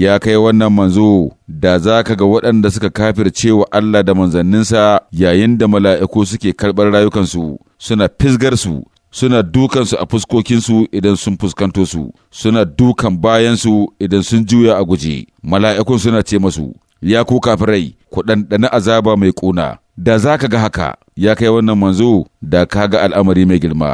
ya kai wannan manzo da za ka ga waɗanda suka kafirce wa Allah da manzanninsa yayin da mala'iku suke karɓar rayukansu suna fisgar su suna dukansu a fuskokinsu idan sun fuskanto su, suna dukan bayansu idan sun juya a guje, mala'ikun suna ce masu, ya ku kafirai, ku ɗanɗana azaba mai ƙuna, da za ka ga haka, ya kai wannan manzo da ka ga al'amari mai girma.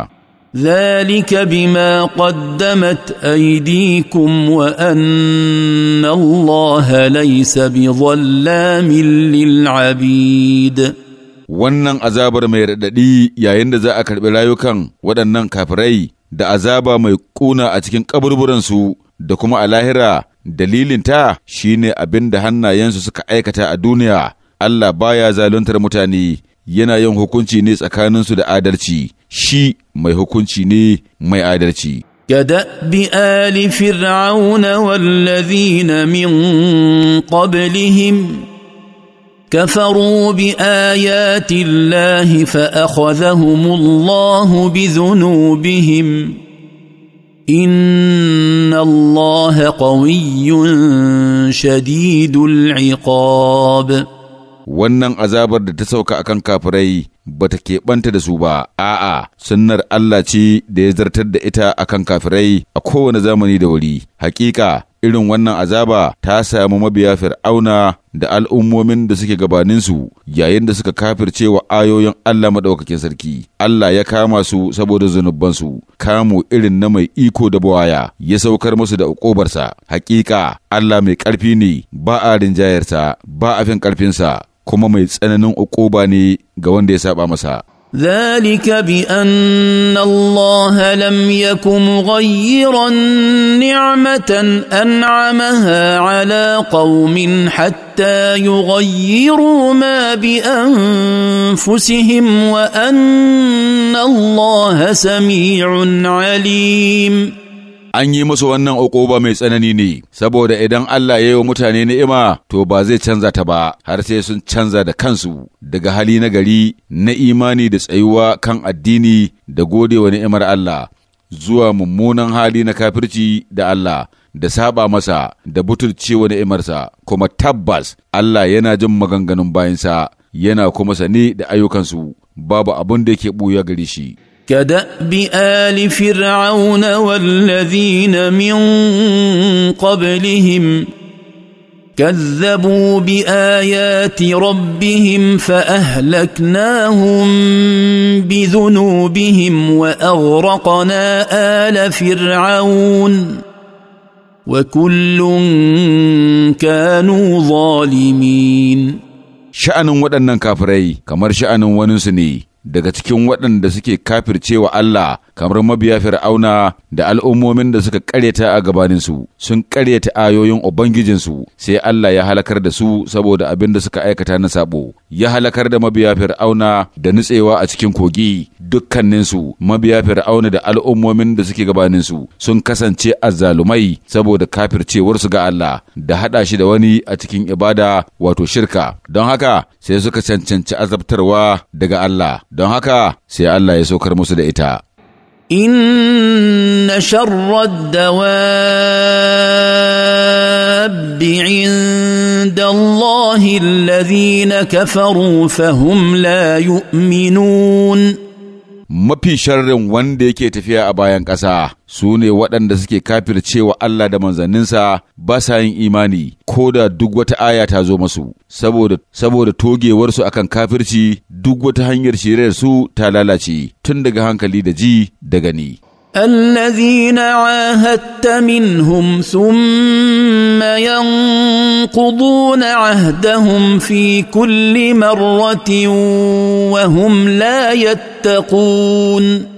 ذلك بما قدمت ايديكم وان الله ليس بظلام lil'abid. wannan azabar mai raɗaɗi yayin da za a karɓi rayukan waɗannan kafirai da azaba mai ƙuna a cikin ƙaburburansu da kuma a lahira dalilinta shine abin da hannayensu suka aikata a duniya Allah baya zaluntar mutane yana yin hukunci ne tsakaninsu da adalci shi mai hukunci ne mai adalci كداب ال فرعون والذين من قبلهم كفروا بايات الله فاخذهم الله بذنوبهم ان الله قوي شديد العقاب wannan azabar da ta sauka akan kafirai ba ta keɓanta da su ba a'a sunnar Allah ce da ya zartar da ita akan kafirai a kowane zamani da wuri hakika irin wannan azaba ta samu mabiya fir'auna da al'ummomin da suke gabaninsu yayin da suka kafirce wa ayoyin Allah maɗaukakin sarki. Allah ya kama su saboda zunubansu, kamu irin na mai iko da buwaya ya saukar musu da ukobarsa. Hakika Allah mai ƙarfi ne, ba a rinjayarsa, ba a fin ƙarfinsa, kuma mai tsananin uƙoba ne ga wanda ya saba masa. ذلك بان الله لم يك مغيرا نعمه انعمها على قوم حتى يغيروا ما بانفسهم وان الله سميع عليم an yi musu wannan uquba mai tsanani ne saboda idan Allah ya yi wa mutane ni'ima to ba zai canza ta ba har sai sun canza da kansu daga hali na gari na imani da tsayuwa kan addini da gode wa ni'imar Allah zuwa mummunan hali na kafirci da Allah da saba masa da wa ni'imarsa kuma tabbas Allah yana jin maganganun bayansa yana kuma sani da ayyukansu babu abin da yake ɓuya gare shi كداب ال فرعون والذين من قبلهم كذبوا بايات ربهم فاهلكناهم بذنوبهم واغرقنا ال فرعون وكل كانوا ظالمين شأن ودنن كافري كمر شأن ونسني daga cikin waɗanda suke kafircewa Allah kamar mabiya fir'auna da al'ummomin da suka karyata a gabaninsu sun karyata ayoyin ubangijinsu sai Allah ya halakar da su saboda abin da suka aikata na sabo ya halakar da mabiya fir'auna da nutsewa a cikin kogi dukkaninsu mabiya fir'auna da al'ummomin da suke gabaninsu sun kasance azzalumai saboda kafircewarsu ga Allah da haɗa shi da wani a cikin ibada wato shirka don haka sai suka cancanci azabtarwa daga Allah don haka sai Allah ya saukar musu da ita ان شر الدواب عند الله الذين كفروا فهم لا يؤمنون mafi sharrin wanda yake tafiya a bayan ƙasa su ne waɗanda suke cewa Allah da manzanninsa ba sa yin imani ko da duk wata aya ta zo masu saboda saboda togewarsu akan kafirci duk wata hanyar shirayar su ta lalace tun daga hankali da ji da gani الذين عاهدت منهم ثم ينقضون عهدهم في كل مره وهم لا يتقون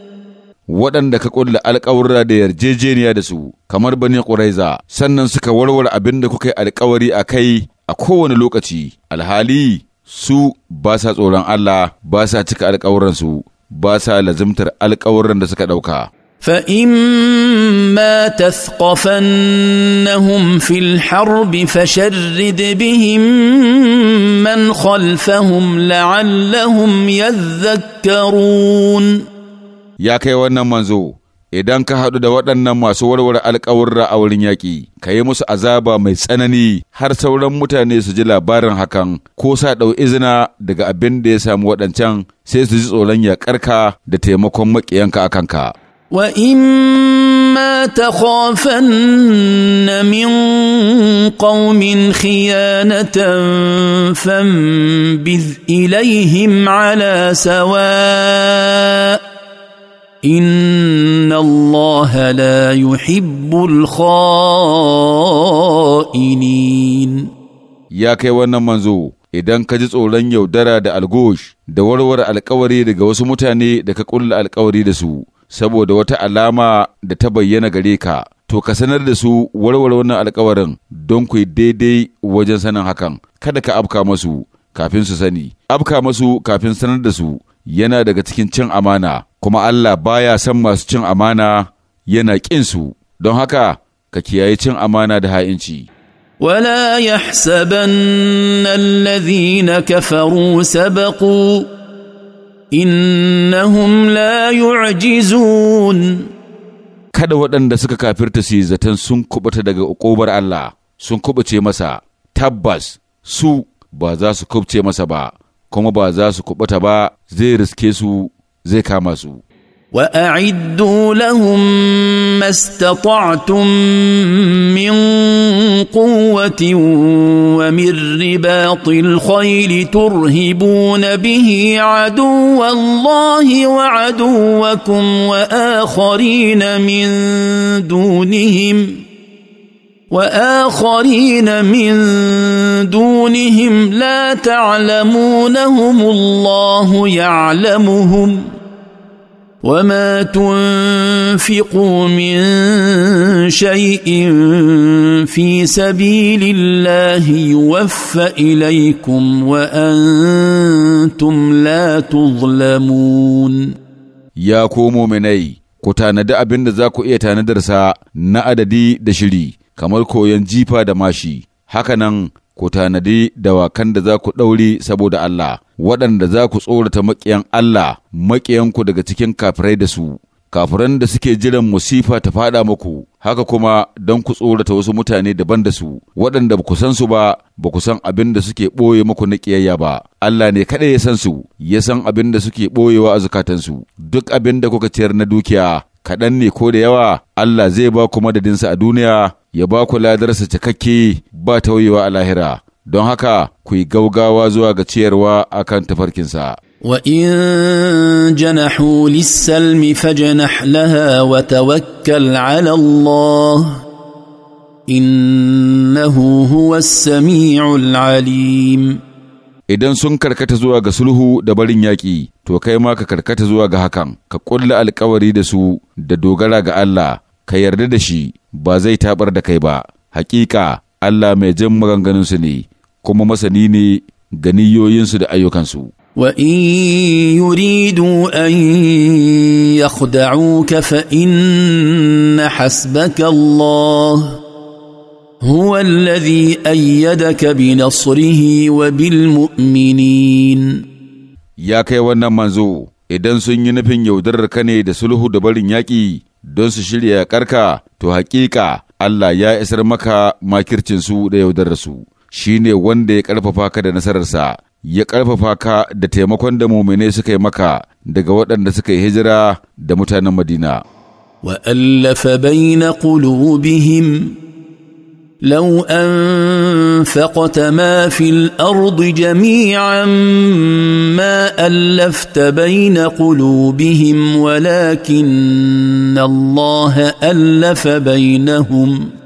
waɗanda ka ƙulla alƙawarra da yarjejeniya da su kamar bani ƙuraiza sannan suka warware abin da kuka yi alƙawari a kai a kowane lokaci alhali su basa tsoron Allah ba sa cika alƙawuransu ba sa lazimtar alƙawuran da suka ɗauka فإما تثقفنهم في الحرب فشرد بهم من خلفهم لعلهم يذكرون يا كي wannan manzo idan ka haɗu da waɗannan masu warware alƙawurra a wurin yaƙi ka yi musu azaba mai tsanani har sauran mutane su ji labarin hakan ko sa ɗau izina daga abin da ya samu waɗancan sai su ji tsoron yaƙarka da taimakon maƙiyanka a kanka واما تخافن من قوم خيانه فانبذ اليهم على سواء ان الله لا يحب الخائنين يا كيوانا منزو idan ka ji tsoron yaudara da algosh da warware alkawari daga wasu mutane da ka ƙulla alkawari da su saboda wata alama da ta bayyana gare ka, to ka sanar da su warware wannan alkawarin don ku daidai wajen sanin hakan, kada ka afka masu kafin su sani, afka masu kafin sanar da su yana daga cikin cin amana, kuma Allah baya son masu cin amana yana ƙin su, don haka ka kiyaye cin amana da ha'inci. ولا يحسبن الذين كفروا سبقوا innahum la yu'jizun kada waɗanda suka kafirta su zaton sun kubuta daga ƙobar Allah sun kubuce masa tabbas su ba za su kubce masa ba kuma ba za su kubuta ba zai riske su zai kama su واعدوا لهم ما استطعتم من قوه ومن رباط الخيل ترهبون به عدو الله وعدوكم واخرين من دونهم واخرين من دونهم لا تعلمونهم الله يعلمهم وما تنفقوا من fi sabilillahi سبيل الله يوفى اليكم وانتم لا تظلمون يا كومو مني ku tanadi abin da za ku iya tanadarsa na adadi da shiri kamar koyon jifa da mashi haka nan ku tanadi da wakan da za ku ɗaure saboda Allah waɗanda za ku tsorata maƙiyan Allah maƙiyanku daga cikin kafirai da su, kafiran da suke jiran musifa ta faɗa muku, haka kuma don ku tsorata wasu mutane daban da su, waɗanda ba ku san su ba, ba ku san abin da suke ɓoye muku na ƙiyayya ba, Allah ne kaɗai ya san su, ya san abin da suke ɓoyewa a zukatansu, duk abin da kuka ciyar na dukiya, kaɗan ne ko da yawa, Allah zai ba ku madadinsa a duniya, ya ba ku ladarsa cikakke ba tauyewa a lahira. don haka ku yi gaugawa zuwa ga ciyarwa akan tafarkinsa. وإن جنحوا للسلم فجنح wa وتوكل على الله إنه هو السميع alim. idan sun karkata zuwa ga sulhu da barin yaƙi, to kai ma ka karkata zuwa ga hakan, ka ƙulla alkawari da su da dogara ga Allah, ka yarda da shi ba zai taɓar da kai ba, hakika Allah mai jin maganganunsu ne. kuma masani ne ga niyoyinsu da ayyukansu. وإن يريدوا أن يخدعوك فإن حسبك الله هو na أيدك بنصره وبالمؤمنين ya kai wannan manzo idan sun yi nufin yaudarar ka ne da sulhu da barin yaƙi don su shirya karka to haƙiƙa Allah ya isar maka makircinsu da yaudararsu. shine wanda ya karfafa ka da nasararsa, ya karfafa ka da taimakon da mumine suka yi maka daga waɗanda suka yi hijira da mutanen Madina. وألف بين qulubihim لو أنفقت ما في الأرض جميعا ما ألفت بين قلوبهم ولكن الله ألف بينهم ۖ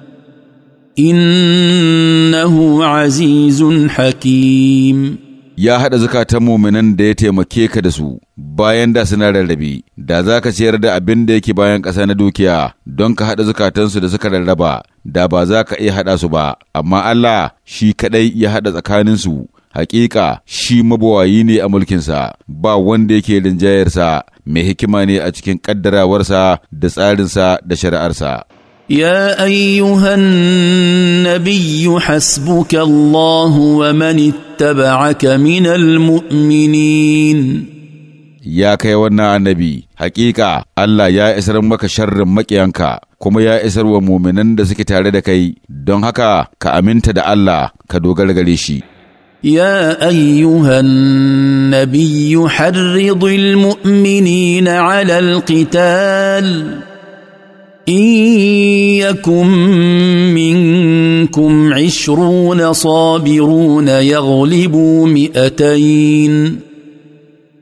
innahu azizun hakim ya haɗa zukatan muminan da ya taimake ka da su bayan da suna rarrabe da za ka ciyar da abin da yake bayan ƙasa na dukiya don ka haɗa zukatansu da suka rarraba da ba za ka iya haɗa su ba amma Allah shi kaɗai ya haɗa tsakaninsu hakika shi mabawayi ne a mulkinsa ba wanda yake rinjayarsa mai hikima ne a cikin ƙaddarawarsa da tsarinsa da shari'arsa يا ايها النبي حسبك الله ومن اتبعك من المؤمنين ya kai wannan annabi Haƙiƙa Allah ya isar maka sharrin makiyanka kuma ya isar wa muminan da suke tare da kai don haka ka aminta da Allah ka dogara gare shi يا ايها النبي حرض المؤمنين على القتال إن يكن منكم عشرون صابرون يغلبوا مئتين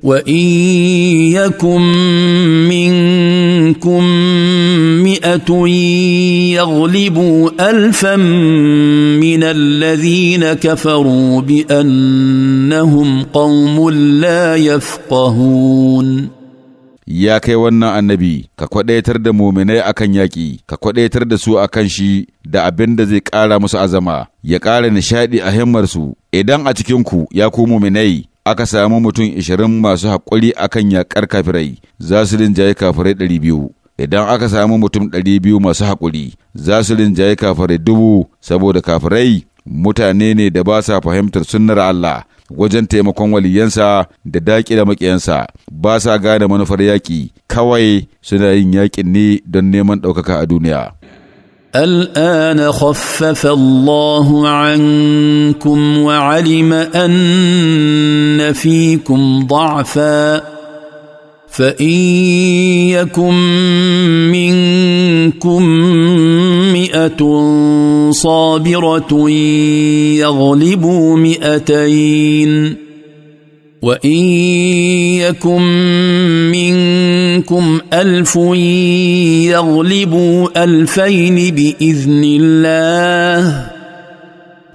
وإن يكن منكم مئة يغلبوا ألفا من الذين كفروا بأنهم قوم لا يفقهون ya kai wannan annabi ka kwadaitar da muminai akan yaƙi ka kwadaitar da su akan shi da abin da zai ƙara musu azama ya ƙara nishaɗi a himmarsu idan a cikinku ya ku muminai aka samu mutum ishirin masu haƙuri akan yaƙar kafirai za su rinjaye kafirai ɗari biyu idan aka samu mutum ɗari biyu masu haƙuri za su rinjaye kafirai dubu saboda kafirai mutane ne da ba sa fahimtar sunnar Allah wajen taimakon waliyansa da daƙi da maƙiyansa ba sa gane manufar yaƙi kawai suna yin yaƙin ne don neman ɗaukaka a duniya. الان خفف الله عنكم وعلم ان فيكم ضعفا فان يكن منكم مئة صابرة يغلبوا مئتين وإن يكن منكم ألف يغلبوا ألفين بإذن الله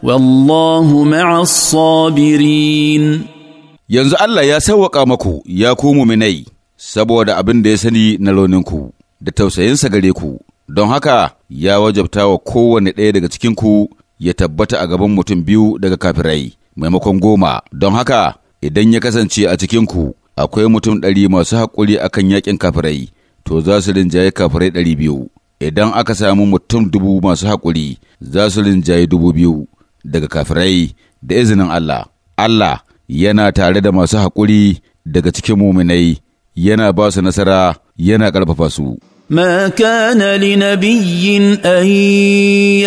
والله مع الصابرين yanzu Allah ya sauwaƙa maku ya ku muminai saboda abin da ya sani na launinku da tausayinsa gare ku don haka ya wajabta wa kowane ɗaya daga cikinku ya tabbata a gaban mutum biyu daga kafirai maimakon goma don haka idan ya kasance a cikinku akwai mutum ɗari masu haƙuri a kan yaƙin kafirai to za su rinjaye kafirai ɗari biyu idan aka samu mutum dubu masu haƙuri za su rinjaye dubu biyu daga kafirai da izinin Allah Allah yana tare da masu haƙuri daga cikin muminai yana ba su nasara yana ƙarfafa su. ما كان لنبي ان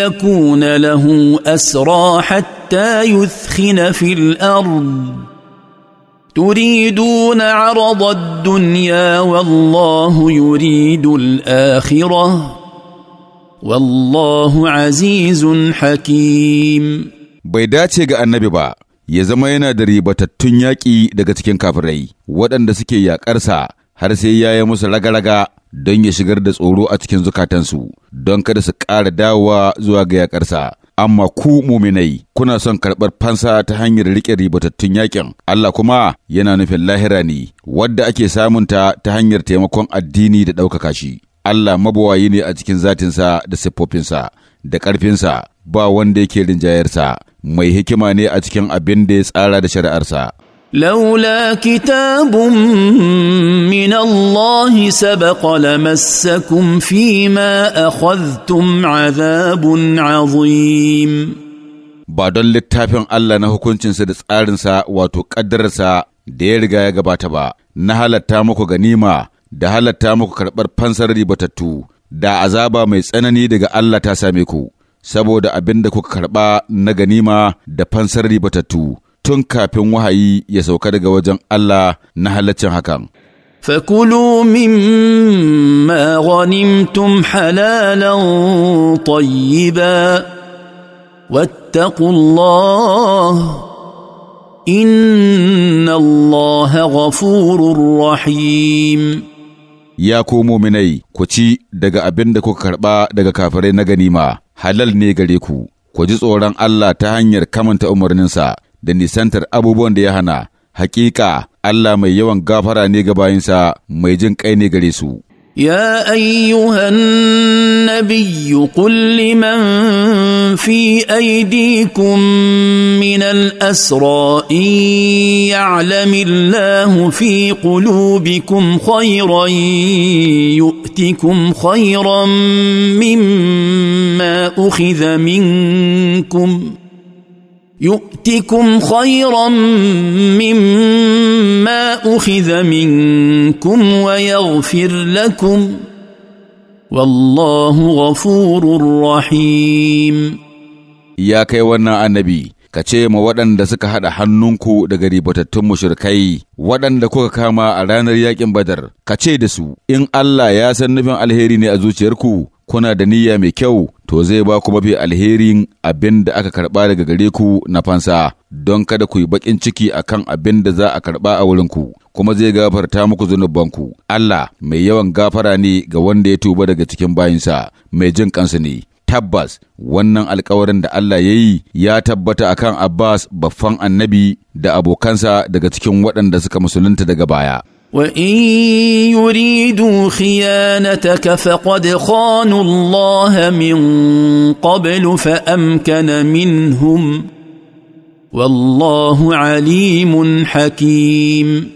يكون له اسرى حتى يثخن في الارض تريدون عرض الدنيا والله يريد الاخره والله عزيز حكيم bai dace ga annabi ba ya zama yana da ribatattun yaƙi daga cikin kafirai waɗanda suke yaƙarsa har sai ya yi musu raga-raga don ya shigar da tsoro a cikin zukatansu don kada su ƙara dawowa zuwa ga yaƙarsa. Amma ku muminai kuna son karɓar fansa ta hanyar riƙe ribatattun yaƙin, Allah kuma yana nufin lahira ne, wadda ake samunta ta hanyar taimakon addini da ɗaukaka shi. Allah mabawayi ne a cikin zatinsa da siffofinsa da ƙarfinsa ba wanda yake rinjayarsa, mai hikima ne a cikin abin da ya tsara da shari'arsa. لولا كتاب من الله سبق لمسكم فيما اخذتم عذاب عظيم ba don littafin Allah na hukuncinsa da tsarinsa wato ƙaddararsa da ya riga ya gabata ba na halatta muku ganima da halatta muku karɓar fansar ribatattu da azaba mai tsanani daga Allah ta same ku saboda abin da kuka karɓa na ganima da fansar ribatattu tun kafin wahayi ya sauka daga wajen Allah na halaccin hakan. فكلوا مما tun halalan طيبا واتقوا الله ان الله غفور رحيم يا كومو مني daga abin da kuka karɓa daga kafar na ganima halal ne gare ku ku ji tsoron Allah ta hanyar kamanta umarninsa da nisantar abubuwan da ya hana haƙiƙa, Allah mai yawan gafara ne ga bayinsa mai jin kai ne gare su. Ya ayyuhan nabi qul liman fi aydikum min al-asra ya'lamu Allah fi qulubikum khayran yu'tikum khayran mimma يؤتكم خيرا مما اخذ منكم ويغفر لكم والله غفور رحيم يا كي النبي ka ce ma waɗanda suka haɗa hannunku daga ribatattun mushrikai waɗanda kuka kama a ranar yakin badar ka ce da su in Allah ya san nufin alheri ne a zuciyarku kuna da niyya mai kyau to zai ba ku mafi alherin abin da aka karɓa daga gare ku na fansa don kada ku yi baƙin ciki akan abin da za a karɓa a wurinku kuma zai gafarta muku zunubanku Allah mai yawan gafara ne ga wanda ya tuba daga cikin bayinsa mai jin kansa ne tabbas wannan alkawarin da Allah ya yi ya tabbata akan Abbas baffan annabi da abokansa daga cikin waɗanda suka musulunta daga baya وان يريدوا خيانتك فقد خانوا الله من قبل فامكن منهم والله عليم حكيم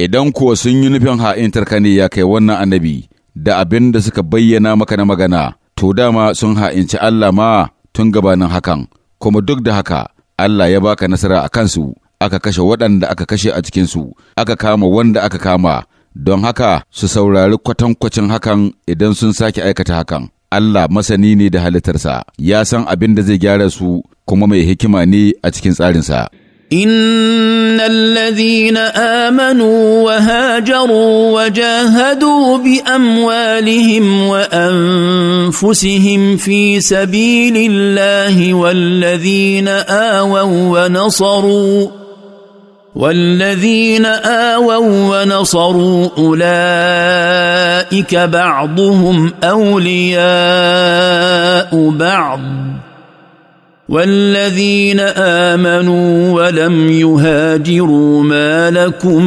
idan kuwa sun yi nufin ha'intar ka ne ya kai wannan annabi da abin da suka bayyana maka na magana to dama sun ha'inci Allah ma tun gabanin hakan kuma duk da haka Allah ya baka nasara a kansu aka kashe waɗanda aka kashe a cikinsu, aka kama wanda aka kama, don haka su saurari kwatankwacin hakan idan sun sake aikata hakan. Allah masani ne da halittarsa, ya san abin da zai gyara su kuma mai hikima ne a cikin tsarinsa. ان الذين امنوا وهاجروا وجاهدوا باموالهم وانفسهم في سبيل الله والذين اووا ونصروا والذين آووا ونصروا أولئك بعضهم أولياء بعض والذين آمنوا ولم يهاجروا ما لكم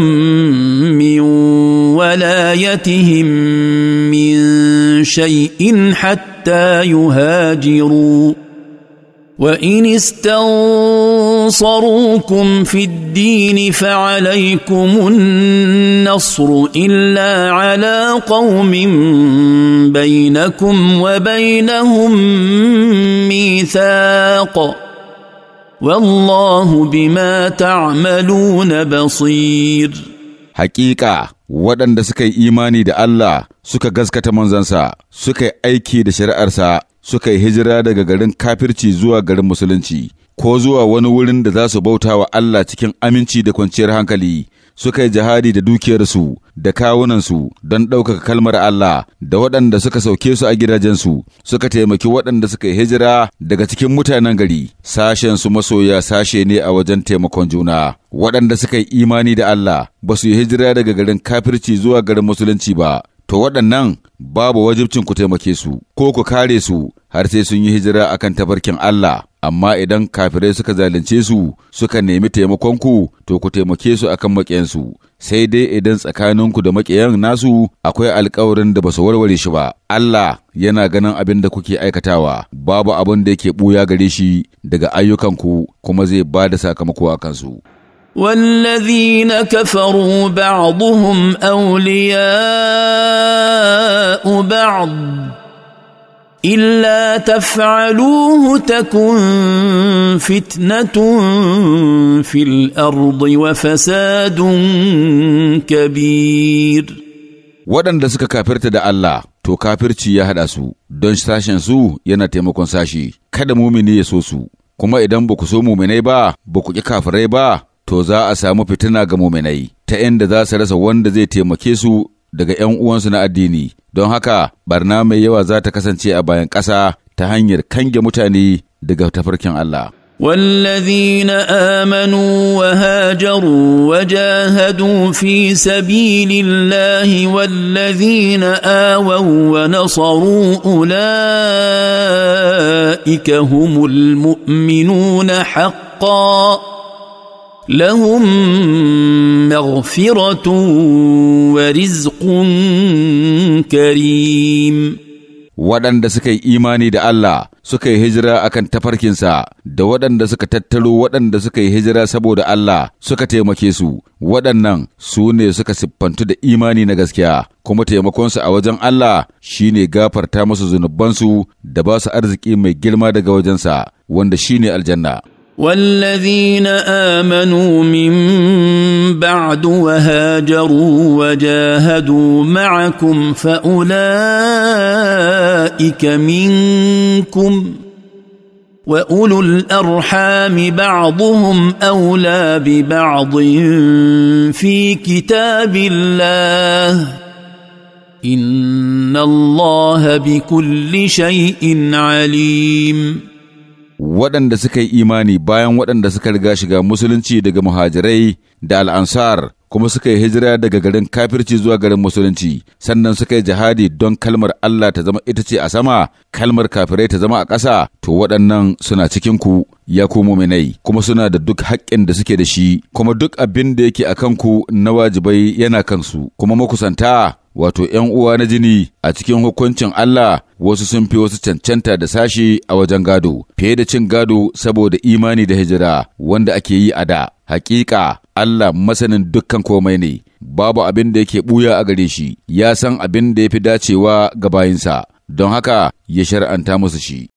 من ولايتهم من شيء حتى يهاجروا وإن استنصروا انصروكم في الدين فعليكم النصر الا على قوم بينكم وبينهم ميثاق والله بما تعملون بصير حقيقه waɗanda suka yi imani da Allah suka gaskata manzansa suka yi aiki da shari'arsa suka yi hijira daga garin kafirci zuwa garin musulunci ko zuwa wani wurin da za su bauta wa Allah cikin aminci da kwanciyar hankali, suka yi jihadi da dukiyarsu da kawunansu don ɗaukaka kalmar Allah da waɗanda suka sauke su a gidajensu suka taimaki waɗanda suka yi hijira daga cikin mutanen gari sashen su masoya sashe ne a wajen taimakon juna waɗanda suka yi imani da Allah ba su yi hijira daga garin kafirci zuwa garin musulunci ba to waɗannan babu wajibcin ku taimake su ko ku kare su har sai sun yi hijira akan tabarkin Allah amma idan kafirai suka zalunce su suka nemi taimakon ku, to ku taimake su akan maƙiyansu sai dai idan tsakaninku da maƙiyan nasu akwai alkawarin da ba su warware shi ba Allah yana ganin abin da kuke aikatawa babu abin da yake ɓuya gare shi daga ayyukanku kuma zai ba da sakamako a kansu والذين كفروا بعضهم أولياء بعض الا تفعلوه تكن فتنه في الارض وفساد كبير waɗanda suka kafirta da Allah to kafirci ya haɗa su don sashen su yana taimakon sashi kada mumini ya so su kuma idan ba ku so muminai ba ba ku ƙi kafirai ba to za a samu fitina ga muminai ta inda za su rasa wanda zai taimake su daga 'yan uwansu na addini, don haka barna mai yawa za ta kasance a bayan ƙasa ta hanyar kange mutane daga tafarkin Allah. والذين امنوا وهاجروا وجاهدوا في سبيل الله والذين اووا ونصروا اولئك هم المؤمنون حقا لهم مغفرة ورزق كريم waɗanda suka yi imani da Allah suka yi hijira akan tafarkinsa da waɗanda suka tattaro waɗanda suka yi hijira saboda Allah suka taimake su waɗannan su ne suka siffantu da imani na gaskiya kuma taimakonsu a wajen Allah shine gafarta musu zunubansu da ba su arziki mai girma daga wajensa wanda shine aljanna والذين امنوا من بعد وهاجروا وجاهدوا معكم فاولئك منكم واولو الارحام بعضهم اولى ببعض في كتاب الله ان الله بكل شيء عليم waɗanda suka yi imani bayan waɗanda suka riga shiga musulunci daga muhajirai da al'ansar kuma suka yi hijira daga garin kafirci zuwa garin musulunci sannan suka yi jihadi don kalmar Allah ta zama ita ce a sama kalmar kafirai ta zama a ƙasa to waɗannan suna cikin ku ya ku muminai kuma suna da duk haƙƙin da suke da shi kuma duk abin da yake a kanku na wajibai yana kansu kuma makusanta wato ‘yan uwa na jini a cikin hukuncin Allah wasu sun fi wasu cancanta da sashi a wajen gado fiye da cin gado saboda imani da hijira wanda ake yi a da hakika Allah masanin dukkan komai ne babu abin da yake buya a gare shi ya san abin da ya fi dacewa ga bayinsa don haka ya shar'anta musu shi